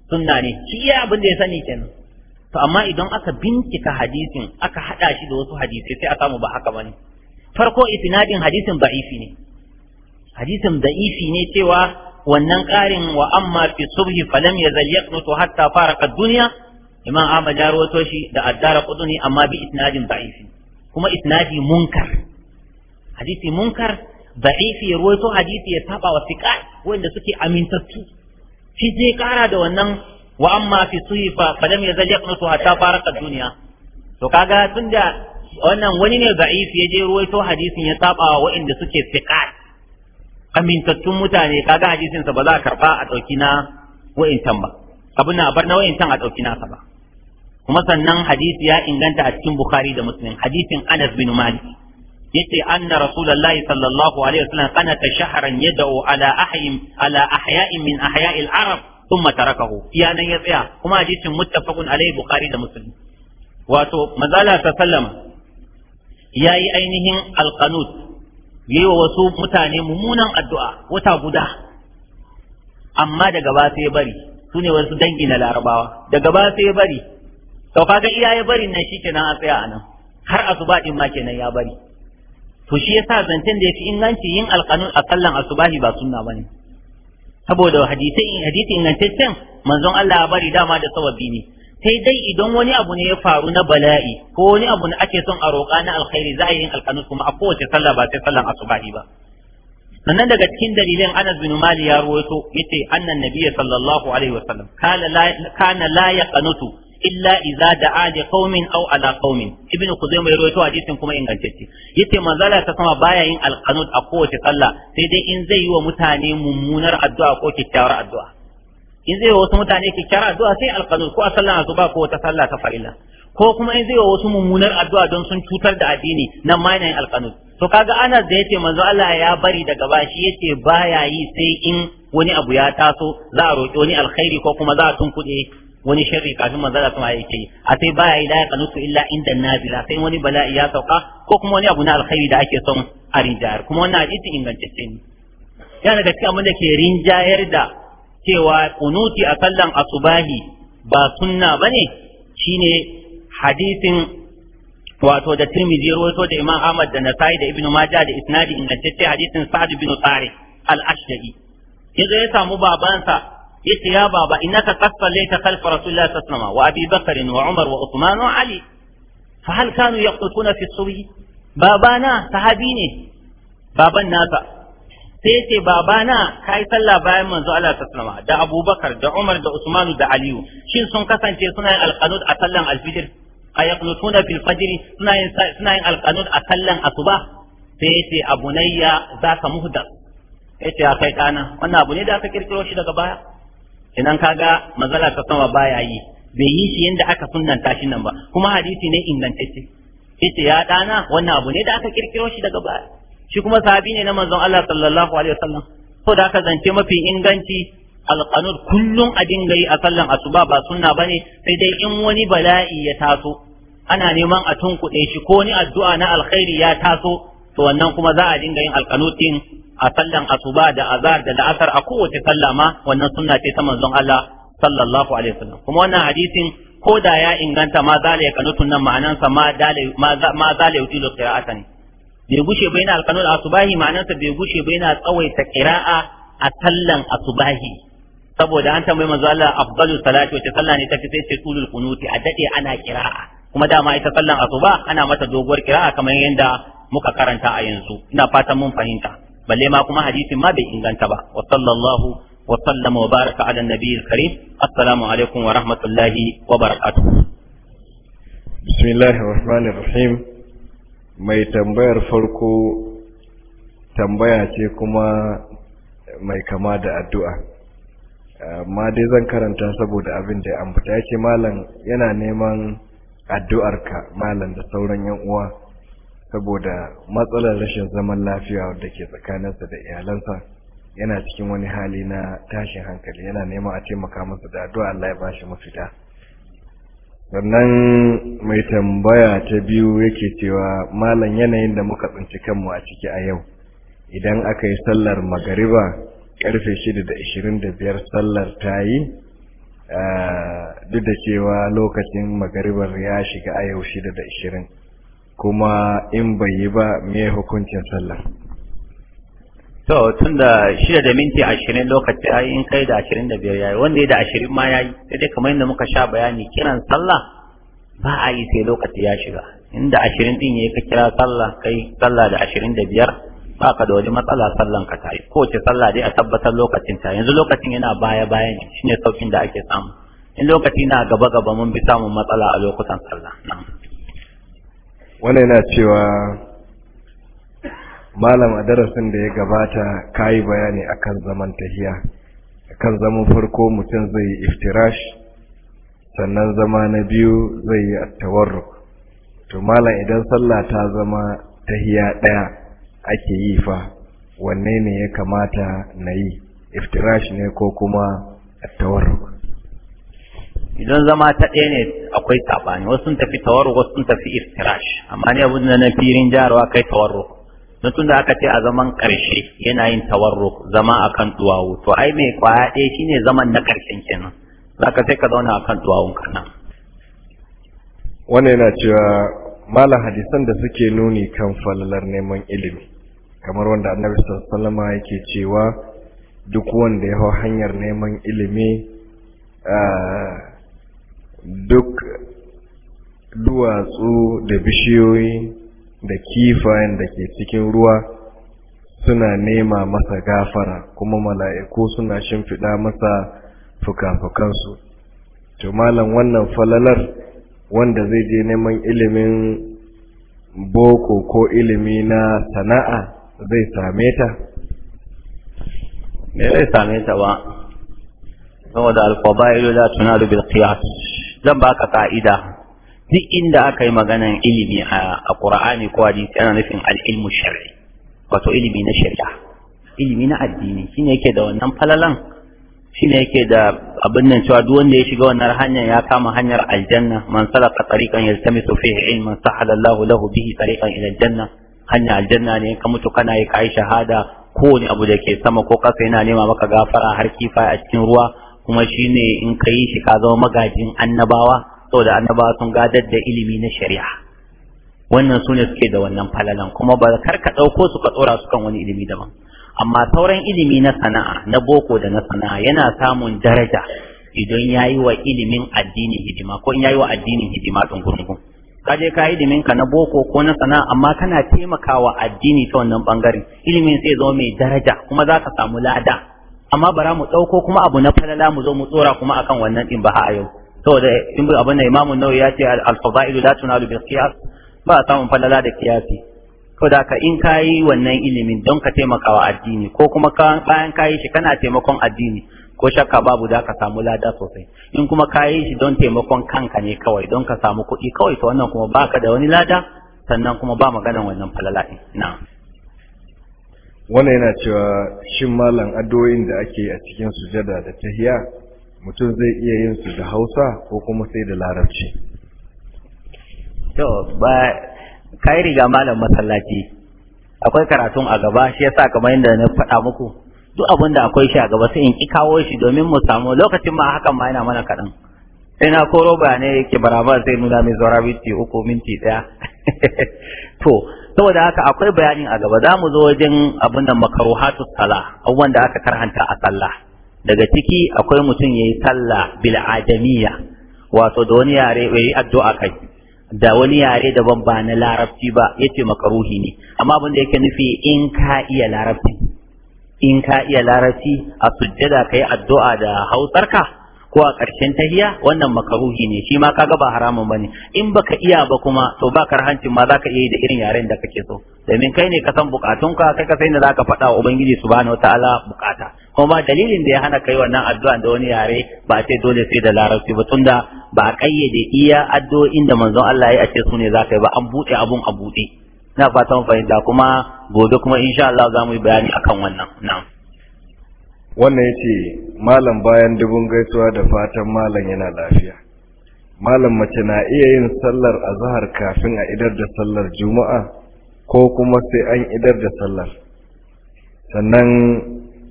sunna ne shi iya abin da ya sani kenan to amma idan aka bincika hadisin aka haɗa shi da wasu hadisai sai a samu ba haka bane farko isnadin hadisin ba'ifi ne hadisin da'ifi ne cewa wannan ƙarin wa amma fi subhi falam yazal yaqnutu hatta faraqa dunya imam Ahmad ya rawato shi da addara quduni amma bi isnadin da'ifi kuma isnadi munkar hadisi munkar da'ifi ya rawato hadisi ya saba wa fiqa wanda suke amintattu shi zai kara da wannan wa amma fi subhi falam yazal yaqnutu hatta faraqa dunya to kaga tunda wannan wani ne da'ifi ya je rawato hadisin ya saba wa waɗanda suke fiqa amintattun mutane kaga hadisin sa ba za a karba a dauki na wa'intan ba abin na bar na wa'intan a dauki nasa ba kuma sannan hadisi ya inganta a cikin bukhari da muslim hadisin anas bin malik yace anna rasulullahi sallallahu alaihi wasallam kana tashahran yad'u ala ahyin ala ahya'in min ahya'il arab ثم ya يا نن يتسيا كما حديث متفق عليه البخاري ده مسلم واتو مزالا تسلم ياي ainihin القنوت yi wa wasu mutane mummunan addu'a wata guda amma daga ba sai bari su ne wasu dangi na larabawa daga ba sai bari sauka ga iya ya bari nan shi kenan a tsaya a nan har asuba din ma kenan ya bari to shi ya sa zancen da ya fi inganci yin a kallon asubahi ba sunna ne. saboda hadisi hadisi ingantaccen manzon Allah ya bari dama da sawabi ne sai dai idan wani abu ne ya faru na bala'i ko wani abu ne ake son a roƙa na alkhairi za a yi alkanus kuma a kowace sallah ba sai sallan asubahi ba sannan daga cikin dalilan Anas bin Mali ya rawaito yace annan nabiyyi sallallahu alaihi wasallam kana la yaqanutu illa idza da'a li qaumin aw ala qaumin ibn Khuzaimah ya rawaito hadisin kuma ingantacce yace manzala ta sama baya yin alqanut a kowace sallah sai dai in zai yi wa mutane mummunar addu'a ko kyakkyawar addu'a in zai wasu mutane kira addu'a sai alƙanun ko a sallar ba ko wata sallah ta farilla ko kuma in zai wasu mummunar addu'a don sun cutar da addini nan ma yana yin alƙanun. to kaga ana da yace manzo Allah ya bari daga ba shi yace baya yi sai in wani abu ya taso za a roki wani alkhairi ko kuma za a tunkuɗe wani sharri kafin manzala sun kuma ce a sai baya yi laya kanutu illa inda nazila sai wani bala'i ya sauka ko kuma wani abu na alkhairi da ake son a rinjayar kuma wannan hadisi ingantacce ne yana daga cikin abin da ke rinjayar da cewa kunuti a sallan asubahi ba sunna bane shine hadisin wato da Tirmidhi rawaito da Imam Ahmad da Nasa'i da Ibn Majah da isnadi ingantacce hadisin Sa'd bin Tsari al-Ashja'i yanzu ya samu babansa yace ya baba innaka qad sallaita khalfa Rasulillah sallallahu alaihi wa Abi Bakr wa Umar wa Uthman wa Ali fa hal kanu yaqtutuna fi subhi babana sahabi ne baban nasa sai ce babana ka yi sallah bayan manzo Allah ta sallama da Abubakar da Umar da Usman da Aliyu shin sun kasance suna yin alqanut a sallan alfijir ayaqnutuna fil fajr suna yin suna yin alqanut a sallan asuba sai ce abunayya zaka muhdath yace kai kana wannan abu ne da aka kirkiro shi daga baya idan kaga manzala ta sama baya yi bai yi shi yadda aka sunnanta shi nan ba kuma hadisi ne ingantacce yace ya dana wannan abu ne da aka kirkiro shi daga baya shi kuma sahabi ne na manzon Allah sallallahu alaihi wasallam ko da aka zance mafi inganci alqanud kullum a dinga yi a sallan asuba ba sunna bane sai dai in wani bala'i ya taso ana neman a tunkuɗe shi ko ni addu'a na alkhairi ya taso to wannan kuma za a dinga yin alqanud din a sallan asuba da azar da la'asar a kowace sallah ma wannan sunna ce ta manzon Allah sallallahu alaihi wasallam kuma wannan hadisin ko da ya inganta ma zalika qanutun nan ma'anansa ma zalika ma zalika yudilu qira'atan bai gushe ba yana subahi, asubahi ma'anarsa bai gushe ba yana tsawaita qira'a a sallan asubahi saboda an tambayi manzo Allah afdalu salati wace sallah ne tafi sai ce tulul qunuti a dade ana kira'a kuma dama ita sallan asuba ana mata doguwar kira'a kamar yadda muka karanta a yanzu ina fatan mun fahimta balle ma kuma hadisin ma bai inganta ba wa sallallahu wa sallama wa baraka ala nabiyil karim assalamu alaikum wa rahmatullahi wa barakatuh bismillahir rahmanir rahim mai tambayar farko tambaya ce kuma mai kama da addu'a amma dai zan karanta saboda abin da ambata ya ce malam yana neman addu'arka malam da sauran yan uwa saboda matsalar rashin zaman lafiya da ke tsakaninsa da iyalansa yana cikin wani hali na tashin hankali yana neman a taimaka masa da addu'a Allah ya bashi mafita sannan mai tambaya ta biyu yake cewa malam yanayin da muka tsinci kanmu a ciki a yau idan aka yi sallar magariba karfe 6:25 sallar ta yi eh, duk da cewa lokacin magaribar ya shiga a yau 6:20 kuma in bai yi ba me hukuncin sallar to tun da shida da minti ashirin lokaci yi in kai da ashirin da biyar yayi wanda ya da ashirin ma yayi sai dai kamar yadda muka sha bayani kiran sallah ba a yi sai lokaci ya shiga inda ashirin din yayi ka kira sallah kai sallah da ashirin da biyar ba ka da wani matsala sallan ka tayi kowace sallah dai a tabbatar lokacin ta yanzu lokacin yana baya baya ne shine saukin da ake samu in lokaci na gaba gaba mun bi samun matsala a lokutan sallah wannan yana cewa malam a darasin da ya gabata yi bayani akan zaman tahiya akan zaman farko mutum zai yi iftirash sannan zama na biyu zai yi attawarruk to malam idan sallah ta zama tahiya ɗaya ake yi fa wanne ne ya kamata na yi iftirash ne ko kuma attawarruk idan zama ta ɗaya ne akwai saɓani wasu sun tafi tawarruk wasu sun tafi iftirash amma ne abin da na firin jarawa kai tawarruk na tunda da aka ce a zaman ƙarshe yana yin tawarruk zama akan duwawu to ai mai kwaya ɗaya shine zaman na ƙarshen kenan za ka sai ka zauna a kan duwawun kana wannan yana cewa mala hadisan da suke nuni kan falalar neman ilimi kamar wanda annabi sallallahu alaihi yake cewa duk wanda ya hau hanyar neman ilimi duk duwatsu da bishiyoyi da kifayen da ke cikin ruwa suna nema masa gafara kuma mala'iku suna shimfiɗa masa fuka-fukansu. To malam wannan falalar wanda zai je neman ilimin boko ko ilimi na sana'a zai same ta? Me zai same ta ba, saboda alfaba'ilu ilo tunaru bil bilkiyar, zan ba ka ƙa'ida. duk inda aka yi maganan ilimi a qur'ani ko hadisi ana nufin al'ilmu ilmu wato ilimi na shari'a ilimi na addini ne yake da wannan falalan ne yake da abin nan cewa duk wanda ya shiga wannan hanyar ya kama hanyar aljanna man salaka tariqan yaltamisu fihi ilman sahala Allahu lahu bihi tariqan ila aljanna hanya aljanna ne ka mutu kana yi kai shahada kowane abu da ke sama ko kasa yana nema maka gafara har kifa a cikin ruwa kuma shine in ka yi shi ka zama magajin annabawa saboda annabawa sun gadar da ilimi na shari'a wannan su ne suke da wannan falalan kuma ba kar ka ɗauko su ka tsora su kan wani ilimi daban amma sauran ilimi na sana'a na boko da na sana'a yana samun daraja idan ya yi wa ilimin addini hidima ko in ya yi wa addinin hidima ɗin gurgun ka je ka ilimin ka na boko ko na sana'a amma kana taimakawa addini ta wannan bangaren ilimin sai zo mai daraja kuma za ka samu lada amma bara mu ɗauko kuma abu na falala mu zo mu tsora kuma akan wannan ɗin ba a yau saboda in bi abin da imamun nawawi ya ce al-fadailu la tunalu bil qiyas ba samun falala da kiyasi. ko da ka in kayi wannan ilimin don ka taimaka wa addini ko kuma bayan kayi shi kana taimakon addini ko shakka babu da ka samu lada sosai in kuma kayi shi don taimakon kanka ne kawai don ka samu kuɗi kawai to wannan kuma baka da wani lada sannan kuma ba maganan wannan falala din na wannan yana cewa shin malam addu'o'in da ake a cikin sujada da tahiya mutum zai iya yin su da hausa ko kuma sai da larabci to ba kai riga malam masallaci akwai karatun a gaba shi yasa kamar yadda na faɗa muku duk abin da akwai shi a gaba sai in ki kawo shi domin mu samu lokacin ma hakan ma yana mana kaɗan sai na koro bayanai yake barabar sai nuna mai zaura minti uku minti ɗaya to saboda haka akwai bayanin a gaba za mu zo wajen abin da makaruhatu sala abubuwan da aka karhanta a sallah daga ciki akwai mutum ya yi sallah bil adamiya wato da wani yare ya yi addu'a kai da wani yare daban ba na larabci ba ya ce makaruhi ne amma abin da yake nufi in ka iya larabci in ka iya larabci a sujjada ka yi addu'a da hausarka ko a ƙarshen tahiya wannan makaruhi ne shi ma kaga ba haramun ba ne, in baka iya ba kuma to ba karhancin ma za ka iya yi da irin yaren da kake so domin kai ne ka san bukatunka kai ka sai ne ka faɗa wa ubangiji subhanahu ta'ala bukata kuma dalilin da ya hana kai wannan addu'a da wani yare ba sai dole sai da larabci ba tunda ba kayyade iya addu'o'in da manzon Allah ya ce su ne za ka yi ba an buɗe abun a buɗe na fatan fahimta kuma gobe kuma insha Allah za mu yi bayani akan wannan na'am wannan yace malam bayan dubun gaisuwa da fatan malam yana lafiya malam mace na iya yin sallar azhar kafin a idar da sallar juma'a ko kuma sai an idar da sallar sannan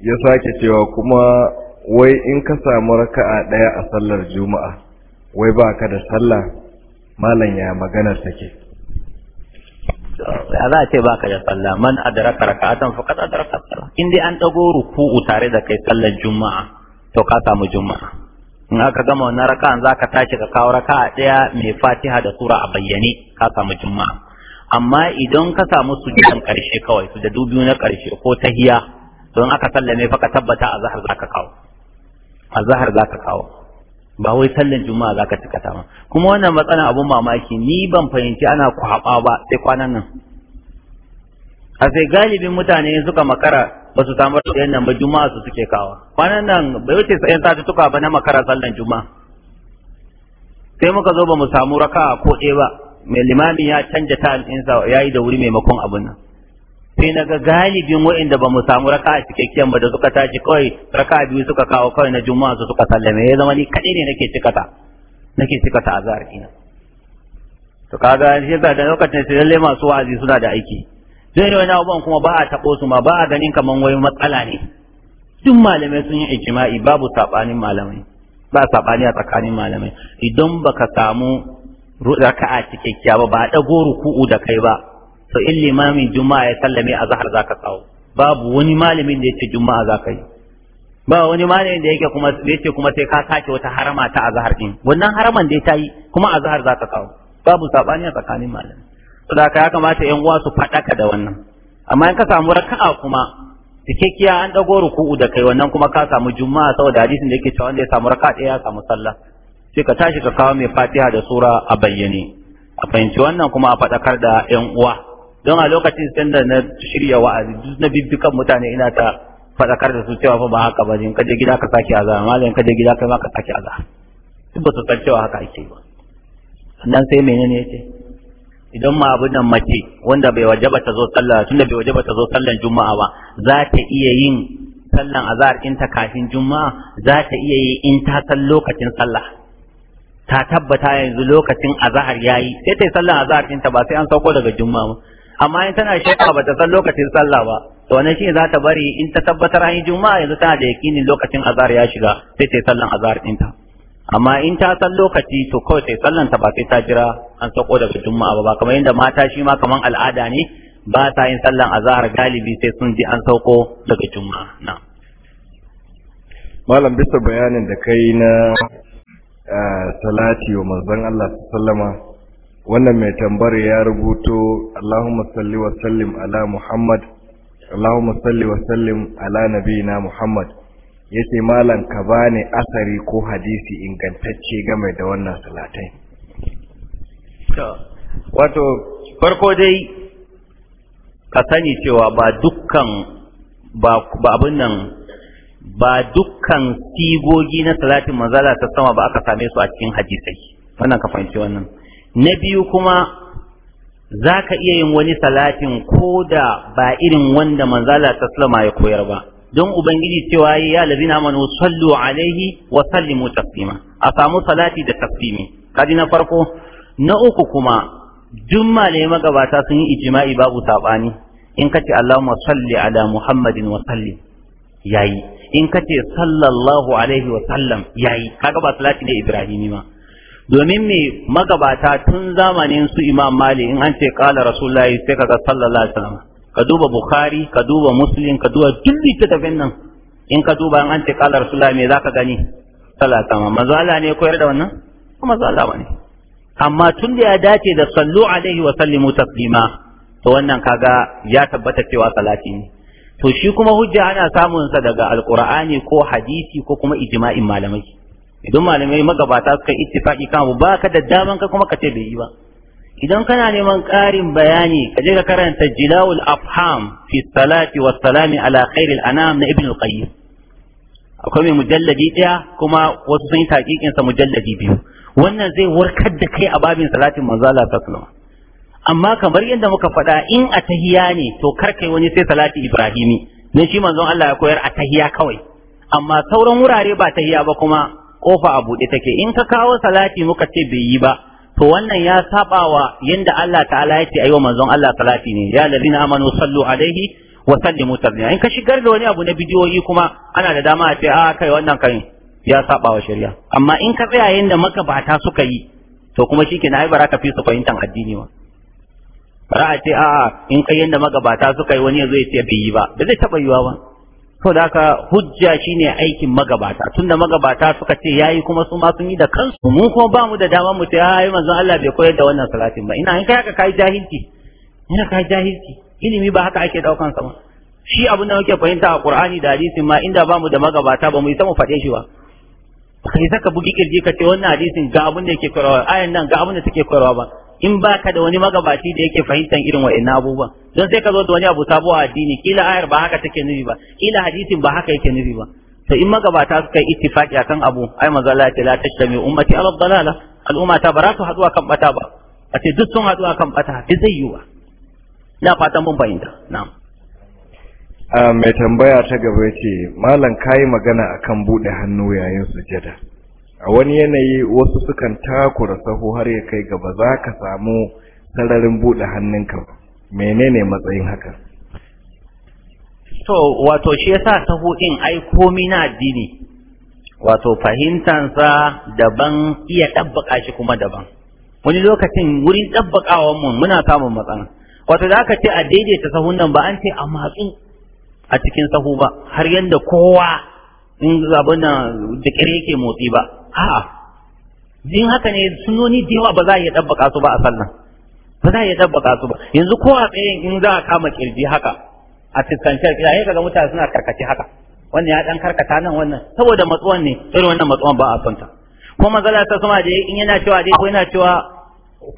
ya sake cewa kuma wai in ka samu raka'a ɗaya a sallar juma'a wai ba ka da sallah malam ya maganar take ya za a ce ba ka da sallah man adraka raka'atan faqad adraka sallah in dai an dago ruku'u tare da kai sallar juma'a to ka samu juma'a in aka gama wannan raka'an za ka tashi ka kawo raka'a ɗaya mai fatiha da sura a bayyane ka samu juma'a amma idan ka samu sujudan ƙarshe kawai su da dubiyu na ƙarshe ko tahiya don aka sallame fa ka tabbata a zahar za ka kawo a zahar za ka kawo ba wai sallan juma'a za ka cika ta ma kuma wannan matsala abun mamaki ni ban fahimci ana kwaba ba sai kwanan nan a sai galibin mutane suka makara ba su samu da nan ba juma'a su suke kawo kwanan nan bai wuce sayan ta tuka ba na makara sallan juma'a sai muka zo ba mu samu raka ko ɗaya ba mai limamin ya canja ta ɗinsa ya yi da wuri maimakon abun nan sai na ga galibin waɗanda ba mu samu raka a cikakken ba da suka tashi kawai raka biyu suka kawo kawai na juma'a su suka sallame ya zama ni kaɗai ne nake cikata nake cikata a zahar ina to kaga shi ga da lokacin sai lalle masu wa'azi suna da aiki zai ne wani abubuwan kuma ba a taɓo su ma ba a ganin kamar wai matsala ne duk malamai sun yi ijma'i babu saɓanin malamai ba saɓani a tsakanin malamai idan baka samu raka'a cikakkiya ba ba a ɗago ruku'u da kai ba to in limamin juma'a ya sallame a zahar zaka kawo babu wani malamin da yake juma'a zaka yi ba wani malamin da yake kuma yace kuma sai ka sake wata harama ta azhar din wannan haraman da ta yi kuma azhar zaka kawo babu sabani a tsakanin malamin. to da ya kamata yan uwa su fadaka da wannan amma in ka samu raka'a kuma cikakkiya an dago ruku'u da kai wannan kuma ka samu juma'a saboda hadisin da yake cewa wanda ya samu raka'a ɗaya ya samu sallah sai ka tashi ka kawo mai fatiha da sura a bayyane a fahimci wannan kuma a faɗakar da yan uwa don a lokacin sanda na shirya wa'azi duk na bibbikan mutane ina ta fadakar da su cewa fa ba haka ba in kaje gida ka sake azaba malam kaje gida kai ma ka sake azaba duk ba su san cewa haka ake ba sannan sai menene yake idan ma abin nan mace wanda bai wajaba ta zo sallah tunda bai wajaba ta zo sallan juma'a ba za ta iya yin sallan azhar in ta kafin juma'a za ta iya yi in ta san lokacin sallah ta tabbata yanzu lokacin azhar yayi sai ta yi sallan azhar ta ba sai an sauko daga juma'a amma in tana shakka ba ta san lokacin sallah ba to wannan shine za ta bari in ta tabbatar an yi juma'a yanzu tana da yakinin lokacin azhar ya shiga sai ta yi sallan azhar ɗinta amma in ta san lokaci to kawai sai sallan ta ba sai ta jira an sauko daga juma'a ba ba kamar yadda mata shi ma kamar al'ada ne ba ta yin sallan azhar galibi sai sun ji an sauko daga juma'a na malam bisa bayanin da kai na eh, salati wa manzon Allah sallama wannan mai tambar ya rubuto Allahumma salli wa sallim ala Muhammad Allahumma salli wa sallim ala nabiyina Muhammad yace malam ka bani asari ko hadisi ingantacce game da wannan salatai to wato farko dai ka sani cewa ba dukkan ba abin nan ba dukkan sigogi na salatin manzala ta sama ba aka same su a cikin hadisai wannan ka fahimci wannan na biyu kuma za ka iya yin wani salatin ko da ba irin wanda manzala ta sallama ya koyar ba don ubangiji cewa yi ya labi na manu sallu alaihi wa sallimu tafsima. a samu salati da tafsimi. kaji na farko na uku kuma duk malamai magabata sun yi ijima'i babu saɓani in ka ce allahumma salli ala muhammadin wa sallim yayi in ka ce sallallahu alaihi wa sallam yayi kaga ba salati da Ibrahim ma domin me magabata tun zamanin su imam mali in an ce kala rasulullahi sai kaga sallallahu alaihi wasallam ka duba bukhari ka duba muslim ka duba duk littattafin nan in ka duba in an ce kala rasulullahi me zaka gani sallallahu alaihi wasallam manzo ne koyar da wannan kuma manzo Allah ne amma tun da ya dace da sallu alaihi wa sallimu taslima to wannan kaga ya tabbata cewa salati ne to shi kuma hujja ana samun sa daga alqur'ani ko hadisi ko kuma ijma'in malamai idan malamai magabata suka ittifaqi kan kamu baka da daman ka kuma ka ce bai yi ba idan kana neman ƙarin bayani ka je ka karanta jilawul afham fi salati wa salami ala khairil anam na ibn al-qayyim akwai mai mujalladi daya kuma wasu sun yi taƙiƙinsa mujalladi biyu wannan zai warkar da kai a babin salatin manzo Allah amma kamar yadda muka faɗa in a tahiya ne to karkai wani sai salati ibrahimi don shi manzon Allah ya koyar a tahiya kawai amma sauran wurare ba tahiya ba kuma kofa a buɗe take in ka kawo salati muka ce bai yi ba to wannan ya saba wa yanda Allah ta'ala ya ce ayo manzon Allah salati ne ya ladina amanu sallu alaihi wa sallimu taslima in ka shigar da wani abu na bidiyoyi kuma ana da dama a ce a ah, kai wannan kai ya saba wa shari'a amma in ka tsaya yanda makabata suka yi to kuma shikenan ai baraka fi su fahimtar addini wa bara a ce a ah, in kai yanda magabata suka yi wani ya ya ce bai yi ba da zai taba yiwa ba to da hujja shine aikin magabata tunda magabata suka ce yayi kuma su sun yi da kansu mu kuma ba mu da dama mu ce ai manzon Allah bai koyar da wannan salatin ba ina in kai haka kai jahilci ina kai jahilci ilimi ba haka ake daukan sa ba shi abin da muke fahimta a Qur'ani da hadisin ma inda ba mu da magabata ba mu yi ta mu fade shi ba kai saka bugi kirji ka ce wannan hadisin ga abin da yake karawa ayan nan ga abin da take koyarwa ba in ba ka da wani magabaci da yake fahimtar irin wa'in abubuwan don sai ka zo da wani abu sabo a addini kila ayar ba haka take nufi ba kila hadisin ba haka yake nufi ba to in magabata suka yi ittifaqi akan abu ai manzo Allah ya ce la tashtami ummati ala dalala al'umma ta baratu haduwa kan bata ba a ce duk sun haduwa kan bata bi zai yiwa na fatan mun bayyana na'am ah, mai tambaya ta gaba ce malam kai magana akan bude hannu yayin sujada a wani yanayi wasu sukan takura sahu har ya kai gaba za ka samu sararin buɗe hannunka menene matsayin haka to wato shi yasa sahu din ai komi na addini wato fahimtansa daban iya ɗabbaƙa shi kuma daban wani lokacin wurin ɗabbaƙawan mu muna samun matsala wato da aka ce a daidaita sahun nan ba an ce a matsu a cikin sahu ba har yanda kowa in abin da da yake motsi ba a'a din haka ne sunoni da yawa ba za a iya dabbaka su ba a sannan ba za a iya dabbaka su ba yanzu ko a tsayin in za a kama kirji haka a fiskancin kira sai ga mutane suna karkace haka wanda ya ɗan karkata nan wannan saboda matsuwan ne irin wannan matsuwan ba a sonta ta ko mazala ta suma da in yana cewa dai ko yana cewa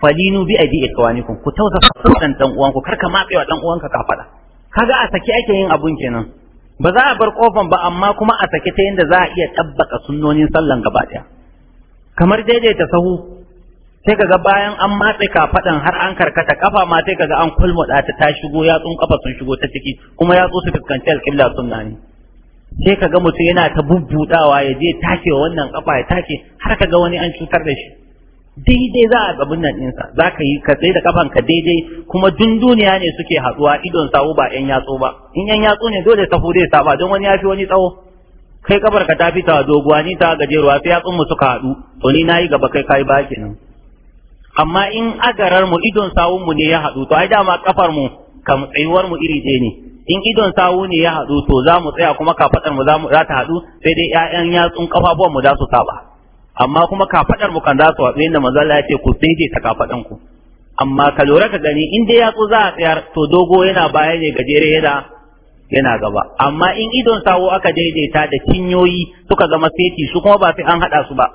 falinu bi abi kawani ku tausa kan dan uwanku karka matsewa dan uwanka ka faɗa kaga a saki ake yin abun kenan ba za a bar kofan ba amma kuma a sake ta yadda za a iya tabbaka sunnonin sallan gaba ɗaya kamar daidaita sahu sai kaga bayan an matse kafaɗan har an karkata kafa ma sai kaga an kulmuda ta ta shigo yatsun kafa sun shigo ta ciki kuma yatsu su fuskanci alƙibla sunna ne sai kaga mutum yana ta bubbuɗawa ya je take wannan kafa ya take har kaga wani an cutar da shi daidai za a gabin nan ɗinsa za ka yi ka da kafanka daidai kuma dunduniya ne suke haɗuwa idon sawu ba yan yatsu ba in yan yatsu ne dole tafi dai saba don wani ya fi wani tsawo kai kabar ka ta fi doguwa ni ta gajeruwa sai yatsun mu suka haɗu to ni na yi gaba kai kai ba kenan amma in agarar mu idon sawun mu ne ya haɗu to ai dama kafar mu kam tsayuwar mu iri ɗaya ne in idon sawu ne ya haɗu to za mu tsaya kuma kafaɗar mu za ta haɗu sai dai ƴaƴan yatsun kafafuwan mu za su saba amma kuma kafadar mu kan za su haɗu inda manzo Allah ya ce ku daidai ta kafadan ku amma ka lura ka gani in dai tso za a tsayar to dogo yana baya ne gajere yana yana gaba amma in idon sawo aka daidaita da cinyoyi suka zama seti su kuma ba sai an haɗa su ba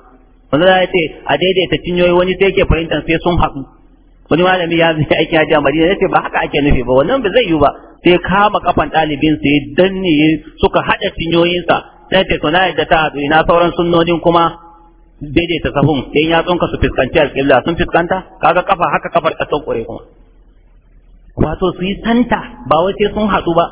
manzo Allah ya ce a daidaita cinyoyi wani sai yake fahimtar sai sun haɗu wani malami ya zai aiki a jami'a madina yace ba haka ake nufi ba wannan ba zai yi ba sai kama kafan ɗalibin sai ya danne suka haɗa cinyoyinsa sai ce to na yadda ta haɗu ina sauran sunnonin kuma daidaita sahun in yatsunka su fuskanci alƙibla sun fuskanta kaga kafa haka kafar ta tsokore kuma wato su yi santa ba wai sai sun haɗu ba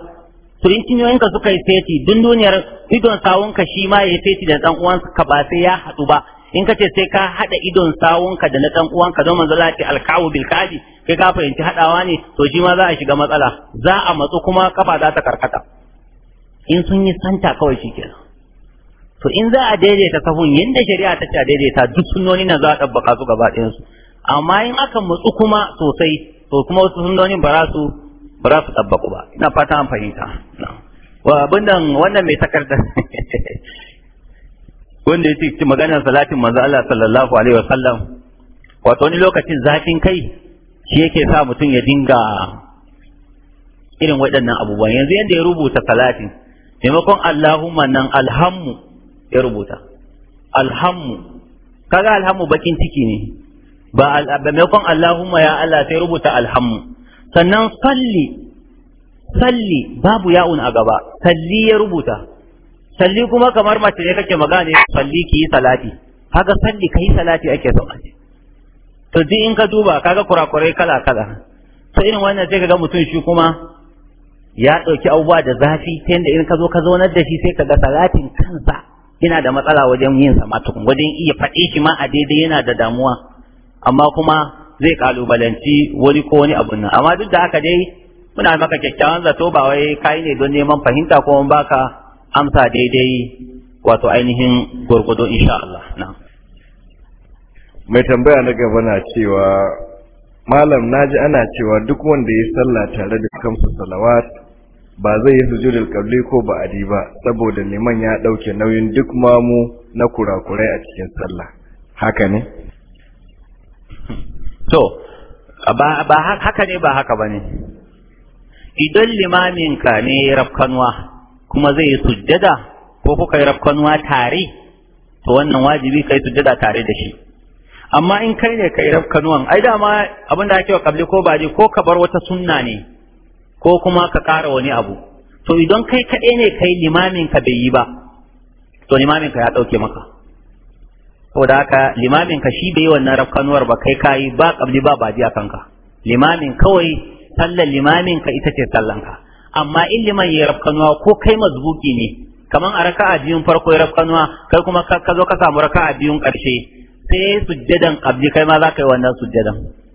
to yi cinyoyinka suka yi feti, dun duniyar idon sawunka shi ma ya yi feti da dan ka ba sai ya haɗu ba in ka ce sai ka haɗa idon sawunka da na dan uwanka don manzo ce alkawu bil kaji kai ka fahimci haɗawa ne to shi ma za a shiga matsala za a matsu kuma kafa za ta karkata in sun yi santa kawai shikenan to in za a daidaita sahun yadda shari'a ta ce daidaita duk sunnoni nan za a ɗabbaka su gaba ɗayan su amma in aka mutsu kuma sosai to kuma wasu sunnonin ba za su ba za su ɗabbaku ba ina fata an fahimta wa abin wannan mai takarda wanda ya ce maganar salatin manzo Allah sallallahu alaihi wa sallam wato wani lokacin zafin kai shi yake sa mutum ya dinga irin waɗannan abubuwan yanzu yadda ya rubuta salatin maimakon Allahumma nan alhammu ya rubuta alhammu kaga alhammu bakin ciki ne ba maimakon allahumma ya allah sai rubuta alhammu sannan salli salli babu yawun a gaba salli ya rubuta salli kuma kamar mace ne kake magana salli ki yi salati kaga salli kayi salati ake son to duk in ka duba kaga kurakurai kala kala sai irin wannan sai kaga mutum shi kuma ya ɗauki abubuwa da zafi ta yadda in ka zo ka zaunar da shi sai ka ga salatin kansa Ina da matsala wajen yin sa matukun wajen iya faɗi shi ma a daidai yana da damuwa amma kuma zai kalubalanci wani ko wani abun nan amma duk da haka dai muna maka kyakkyawan zato ba wai kai ne don neman fahimta ko mun baka amsa daidai wato ainihin gurgudo insha Allah na mai tambaya na gaba na cewa malam naji ana cewa duk wanda ya sallah tare da kamsa salawat ba zai yi sujudul kabli ko ba'adi ba saboda liman ya dauke nauyin duk mamu na kurakurai a cikin sallah haka ne to ba ba haka ne ba haka bane idan limamin ka ne rafkanwa kuma zai yi sujjada ko kuka yi rafkanwa tare to wannan wajibi kai sujjada tare da shi amma in kai ne kai rafkanwan ai dama abin da ake wa kabli ko ba ko ka bar wata sunna ne ko kuma ka ƙara wani abu to idan kai kaɗai ne kai limamin ka bai yi ba to limamin ka ya ɗauke maka saboda haka limamin ka shi bai yi wannan rafkanuwar ba kai kayi ba ƙabli ba baji a kanka limamin kawai sallar limamin ka ita ce sallan ka amma in liman ya rafkanuwa ko kai mazbuki ne kaman a raka'a biyun farko ya rafkanuwa kai kuma ka zo ka samu raka'a biyun ƙarshe sai sujjadan ƙabli kai ma za ka yi wannan sujjadan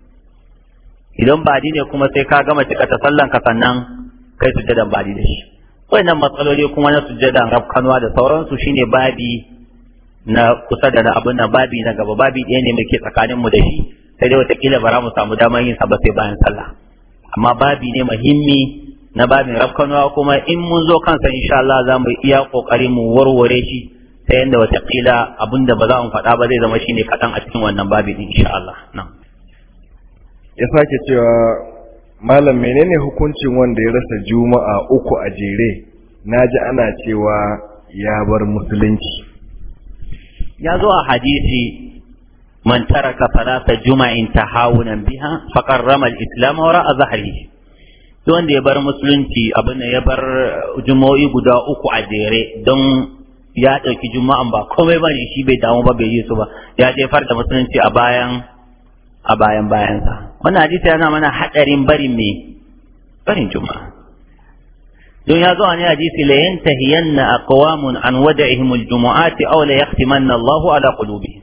idan badi ne kuma sai ka gama cika ta sallan ka sannan kai jadan badi da shi wannan matsaloli kuma na sujjadan rafkanwa da sauransu shine babi na kusa da abin nan babi na gaba babi ɗaya ne muke tsakanin mu da shi sai dai watakila ba za mu samu damar yin sa ba sai bayan sallah amma babi ne muhimmi na babin rafkanwa kuma in mun zo kansa insha Allah za mu iya kokarin mu warware shi ta yadda watakila abin da ba za mu faɗa ba zai zama shine kaɗan a cikin wannan babi insha Allah ya sake cewa malam menene hukuncin wanda ya rasa juma'a uku a jere naji ana cewa ya bar musulunci ya zo a hadisi man taraka salata juma'in tahawunan biha faqad rama al-islam wa ra'a zahri wanda ya bar musulunci abin ya bar juma'i guda uku a jere don ya ɗauki juma'an ba komai ne shi bai damu ba bai yi su ba ya jefar da musulunci a bayan a bayan bayansa wannan hadisi yana mana hadarin barin me barin juma'a don ya zo a ne hadisi la yantahiyanna aqwamun an wada'ihim aljumu'ati aw la yahtimanna Allahu ala qulubihim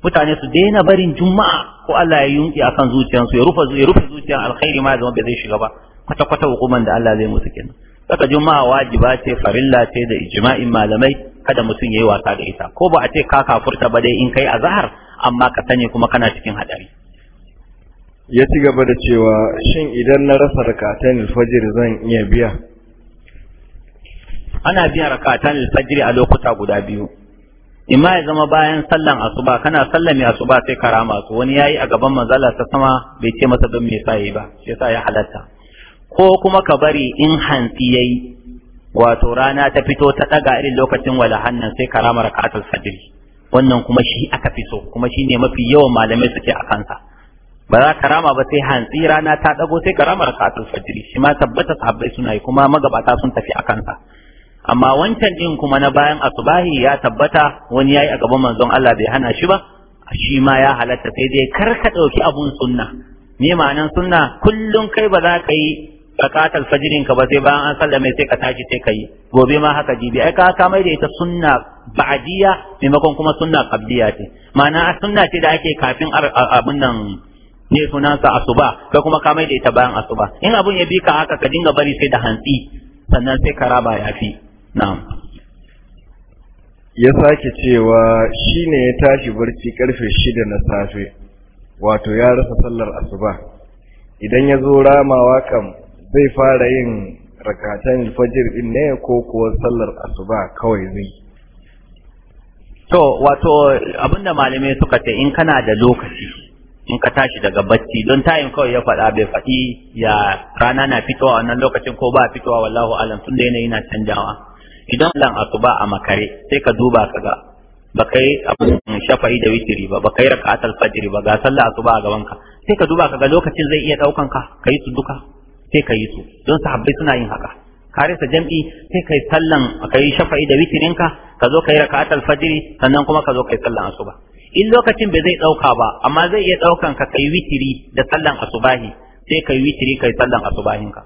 mutane su daina barin juma'a ko Allah ya yunki akan zuciyarsu ya rufe ya rufe zuciyar alkhairi ma zama bai zai shiga ba kwata kwata hukuman da Allah zai musu kenan saka juma'a wajiba ce farilla ce da ijma'in malamai kada mutum yayi wasa da ita ko ba a ce ka kafurta ba dai in kai azhar amma ka sani kuma kana cikin hadari ya ci gaba da cewa shin idan na rasa rakatan alfajir zan iya biya ana biyan rakatan alfajir a lokuta guda biyu imma ya zama bayan sallan asuba kana sallami asuba sai karama su wani yayi a gaban manzala ta sama bai ce masa don me yasa yi ba shi yasa ya halatta ko kuma ka bari in hantsi yayi wato rana ta fito ta daga irin lokacin wala hannan sai karama rakatul fajr wannan kuma shi aka fi so kuma shine mafi yawan malamai suke a kansa ba za ka rama ba sai hantsi rana ta dago sai ka rama rakatul fajri shi ma tabbata sahabbai suna yi kuma magabata sun tafi a kansa amma wancan din kuma na bayan asubahi ya tabbata wani yayi a gaban manzon Allah bai hana shi ba shi ma ya halatta sai dai kar ka dauki abun sunna me ma'anan sunna kullun kai ba za ka yi zakatul fajrin ka ba sai bayan an sallame sai ka tashi sai ka yi gobe ma haka jibi ai ka ka mai da ita sunna ba'diya maimakon kuma sunna qabliya ce ma'ana sunna ce da ake kafin abun nan ne sunansa asuba kai kuma ka maida ita bayan asuba in abun ya bi ka haka ka dinga bari sai da hantsi sannan sai ka raba yafi na'am ya sake cewa shine ya tashi barci karfe shida na safe wato ya rasa sallar asuba idan ya zo ramawa kam zai fara yin rakatan fajir din ne ko kuwa sallar asuba kawai zai to wato abinda malamai suka ce in kana da lokaci in ka tashi daga bacci don tayin kawai ya faɗa bai faɗi ya rana na fitowa wannan lokacin ko ba fitowa wallahu alam tunda yanayi na canjawa idan lan asuba a makare sai ka duba ka ga ba kai abin shafa'i da witiri ba ba kai raka'atul fajr ba ga sallah asuba a gaban ka sai ka duba ka ga lokacin zai iya daukan ka kai su duka sai ka yi su don sahabbai suna yin haka kare sa jam'i sai kai sallan kai shafa'i da witirinka ka zo kai raka'atul fajr sannan kuma ka zo kai sallan asuba in lokacin bai zai ɗauka ba amma zai iya ɗaukan ka kai witiri da sallan asubahi sai kai witiri kai sallan asubahin ka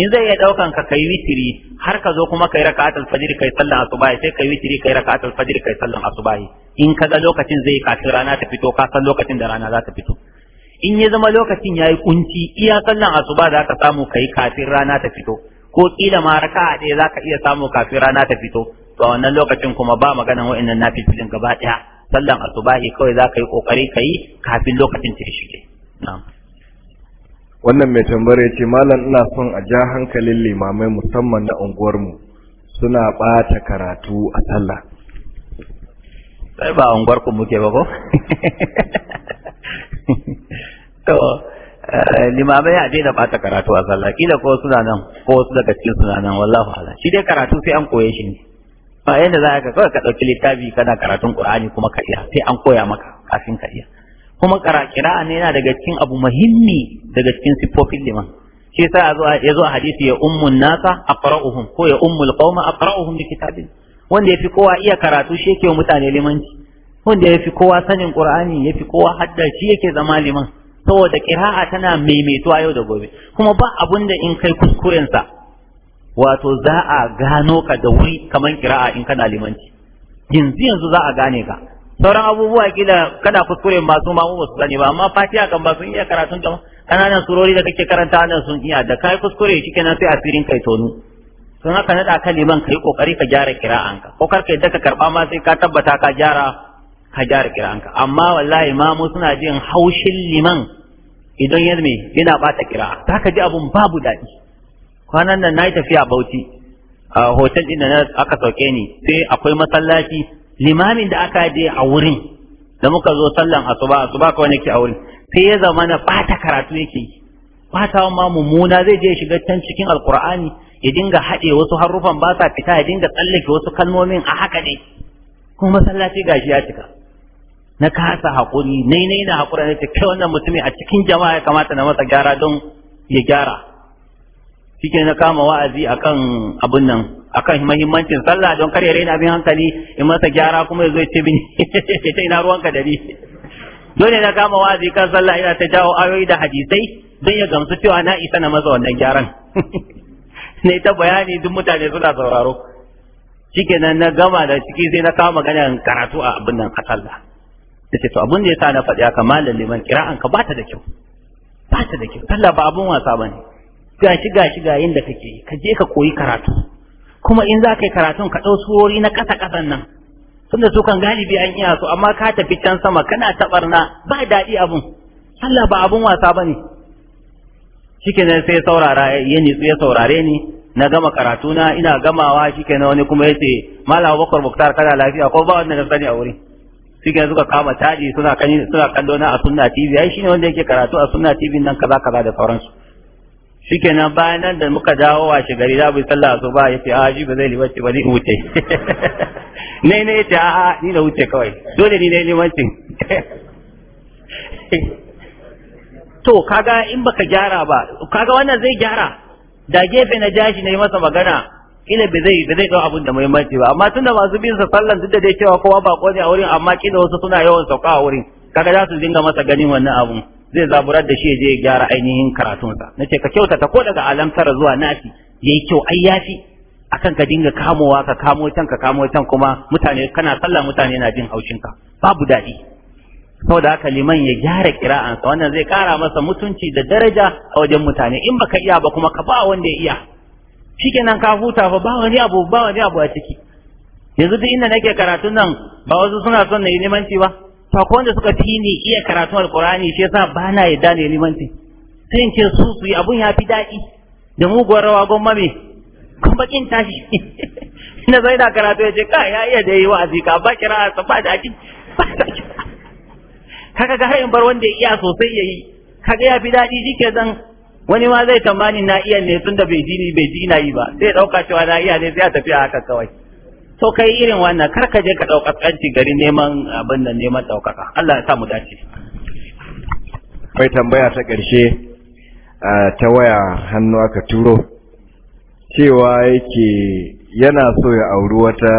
in zai iya ɗaukan ka kai witiri har ka zo kuma kai raka'atul fajr kai sallan asubahi sai kai witiri kai raka'atul fajr kai sallan asubahi in kaga lokacin zai kafin rana ta fito ka san lokacin da rana za ta fito in ya zama lokacin yayi kunci iya sallan asuba za ka samu kai kafin rana ta fito ko kila ma raka'a ɗaya za ka iya samu kafin rana ta fito to a wannan lokacin kuma ba maganan wa'annan nafilin gaba ɗaya sallan asubahi kawai za ka yi kokari ka yi kafin lokacin ta shige wannan mai ya ce malam ina son a ja hankalin limamai musamman na unguwarmu suna ɓata karatu a sallah sai ba unguwar ku muke ba ko to eh, limamai a daina ɓata karatu a sallah kila ko suna nan ko wasu daga cikin suna nan wallahu ala shi dai karatu sai an koye shi ne ba yadda za ka kawai ka ɗauki littafi kana karatun ƙur'ani kuma ka iya sai an koya maka kafin ka iya kuma kira'a ne yana daga cikin abu muhimmi daga cikin siffofin liman shi ya zo a hadisi ya ummun nasa a fara'uhun ko ya ummul qauma fara'uhun da kitabin wanda ya fi kowa iya karatu shi yake mutane limanci wanda ya fi kowa sanin ƙur'ani ya fi kowa hadda shi yake zama liman saboda kira'a tana maimaituwa yau da gobe kuma ba abun da in kai kuskurensa wato za a gano ka da wuri kamar kira'a in kana limanci yanzu yanzu za a gane ka sauran abubuwa kila kana kuskure masu mamu ba su sani ba amma fatiha kan ba sun iya karatun ta kananan surori da kake karanta nan sun iya da kai kuskure shikenan sai asirin kai tonu sun haka nada ka liman kai kokari ka gyara kira'an ka, kokar kai da ka karba ma sai ka tabbata ka gyara ka gyara ka, amma wallahi mamu suna jin haushin liman idan ya yana bata kira'a ta ka ji abun babu daɗi kwanan nan na yi tafiya bauchi a hotel din da aka sauke ni sai akwai masallaci limamin da aka je a wurin da muka zo sallan asuba asuba kawai ke a wurin sai ya zama na bata karatu yake yi bata ma mummuna zai je shiga can cikin alkur'ani ya dinga haɗe wasu harufan ba sa fita ya dinga tsallake wasu kalmomin a haka ne kuma masallaci gashi ya cika na kasa hakuri, nai nai na hakuri na ce kai wannan mutumin a cikin jama'a ya kamata na masa gyara don ya gyara shike na kama wa'azi akan abun nan akan muhimmancin sallah don kare raina abin hankali in masa gyara kuma yazo ya ce bin ya ce ina ruwanka da ni dole na kama wa'azi kan sallah ina ta jawo ayoyi da hadisai don ya gamsu cewa na isa na masa wannan gyaran ne ta bayani duk mutane suna sauraro shikenan na gama da ciki sai na kama magana karatu a abin nan a sallah ce to abin da sa na faɗi haka malam liman kira'an ka ta da kyau ba ta da kyau sallah ba abun wasa bane gashi gashi ga da kake ka je ka koyi karatu kuma in za ka yi karatun ka ɗau surori na ƙasa ƙasan nan tunda su kan galibi an iya su amma ka tafi can sama kana taɓarna ba daɗi abun Allah ba abun wasa ba ne sai saurara ya nitsu ya saurare ni na gama karatu na ina gamawa shikenan wani kuma ya ce malam bakar muktar kana lafiya ko ba wanda na sani a wuri shike suka kama taji suna suna kallo na a sunna tv ai shine wanda yake karatu a sunna tv nan kaza kaza da sauransu na bayan nan da muka dawo washe gari za sallah su ba yace a ah, ji ba zai limanci ba ni wuce ne ne yace a a ni na wuce kawai dole ni ne wancin to kaga in baka gyara ba kaga wannan zai gyara da gefe na jashi ne masa magana ina ba zai ba zai dau abin da muhimmanci ba amma tunda masu bin sa sallan duk da dai cewa kowa ba ne a wurin amma kila wasu suna yawan sauka a wurin kaga za su dinga masa ganin wannan abun zai zaburar da shi ya je ya gyara ainihin karatunsa na ce ka kyautata ko daga alamtara zuwa nasi ya yi kyau ai yafi akan ka dinga kamowa ka kamo can ka kamo can kuma mutane kana sallah mutane na jin haushin ka babu daɗi saboda haka liman ya gyara kira'ansa wannan zai kara masa mutunci da daraja a wajen mutane in baka iya ba kuma ka ba wanda ya iya shikenan ka huta fa ba wani abu ba wani abu a ciki yanzu duk inda nake karatun nan ba wasu suna son na yi limanci ba to akwai wanda suka fi ni iya karatu alkurani shi yasa ba na yadda ne limanci sai ce su su yi abun ya fi daɗi da muguwar rawa gwamma me kun bakin tashi na zai da karatu ya ce ka ya iya da yi wa azika ba kira sa ba da ba da kaka ga har in bar wanda ya iya sosai ya yi kaka ya fi daɗi ke zan. wani ma zai tambani na iya ne tun da bai ji bai ji na yi ba sai ya cewa na iya ne sai a tafiya haka kawai so kai irin wannan kar ka je ka ɗau gari neman abin da neman ɗaukaka Allah ya sa mu dace kai tambaya ta ƙarshe ta waya hannu aka turo cewa yake yana so ya auri wata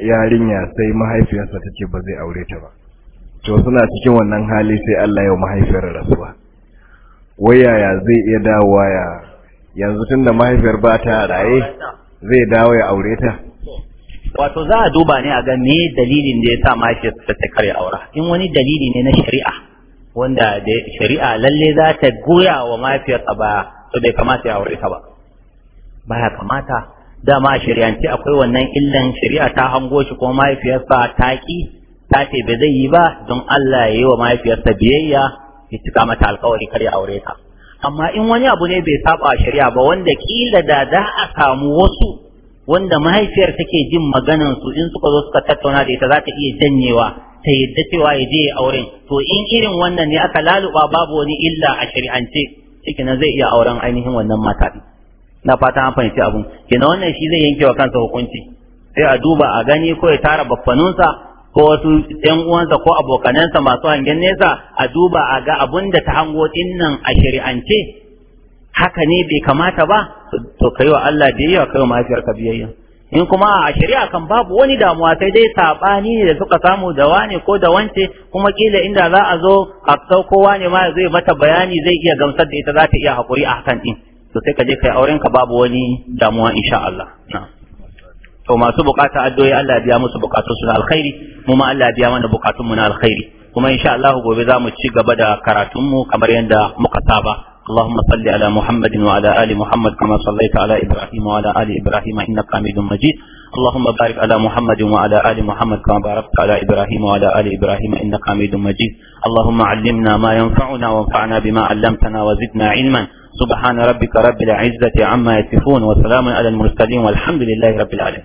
yarinya sai mahaifiyarsa ta ce ba zai aure ta ba to suna cikin wannan hali sai Allah ya mahaifiyar rasuwa wai yaya zai iya dawo ya yanzu tunda mahaifiyar ba ta raye zai dawo ya aure ta wato za a duba ne a ga me dalilin da ya sa mahaifiyarsa ta karya aura in wani dalili ne na shari'a wanda da shari'a lalle za ta goya wa mahaifiyarsa ba to bai kamata ya aure ta ba baya kamata dama shari'anci akwai wannan illan shari'a ta hango shi kuma mahaifiyarsa ta ki ta ce ba zai yi ba don Allah ya yi wa mahaifiyarsa biyayya ya cika mata alkawari kar ya aure ta amma in wani abu ne bai saba shari'a ba wanda kila da za a samu wasu wanda mahaifiyar take jin maganan su in suka zo suka tattauna da ita za ta iya janyewa ta yadda cewa ya je auren to in irin wannan ne aka laluba babu wani illa a shari'ance cikin zai iya auren ainihin wannan mata na fata an fahimci abun Kina wannan shi zai yanke wa kansa hukunci sai a duba a gani ko ya tara baffanunsa ko wasu ɗan uwansa ko abokanansa masu hangen nesa a duba a ga abun da ta hango dinnan a shari'ance haka ne bai kamata ba to kai wa Allah biyayya kai wa mahaifiyarka biyayya in kuma a shari'a kan babu wani damuwa sai dai sabani ne da suka samu da wane ko da wance kuma kila inda za a zo a sauko wane ma zai mata bayani zai iya gamsar da ita za ta iya hakuri a hakan din to sai ka je kai auren ka babu wani damuwa insha Allah to masu bukata addu'o'i Allah biya musu bukatun su na alkhairi mu ma Allah biya mana bukatun mu na alkhairi kuma insha Allah gobe za mu ci gaba da karatun mu kamar yadda muka saba اللهم صل على محمد وعلى آل محمد كما صليت على إبراهيم وعلى آل إبراهيم إنك حميد مجيد اللهم بارك على محمد وعلى آل محمد كما باركت على إبراهيم وعلى آل إبراهيم إنك حميد مجيد اللهم علمنا ما ينفعنا وانفعنا بما علمتنا وزدنا علما سبحان ربك رب العزة عما يصفون وسلام على المرسلين والحمد لله رب العالمين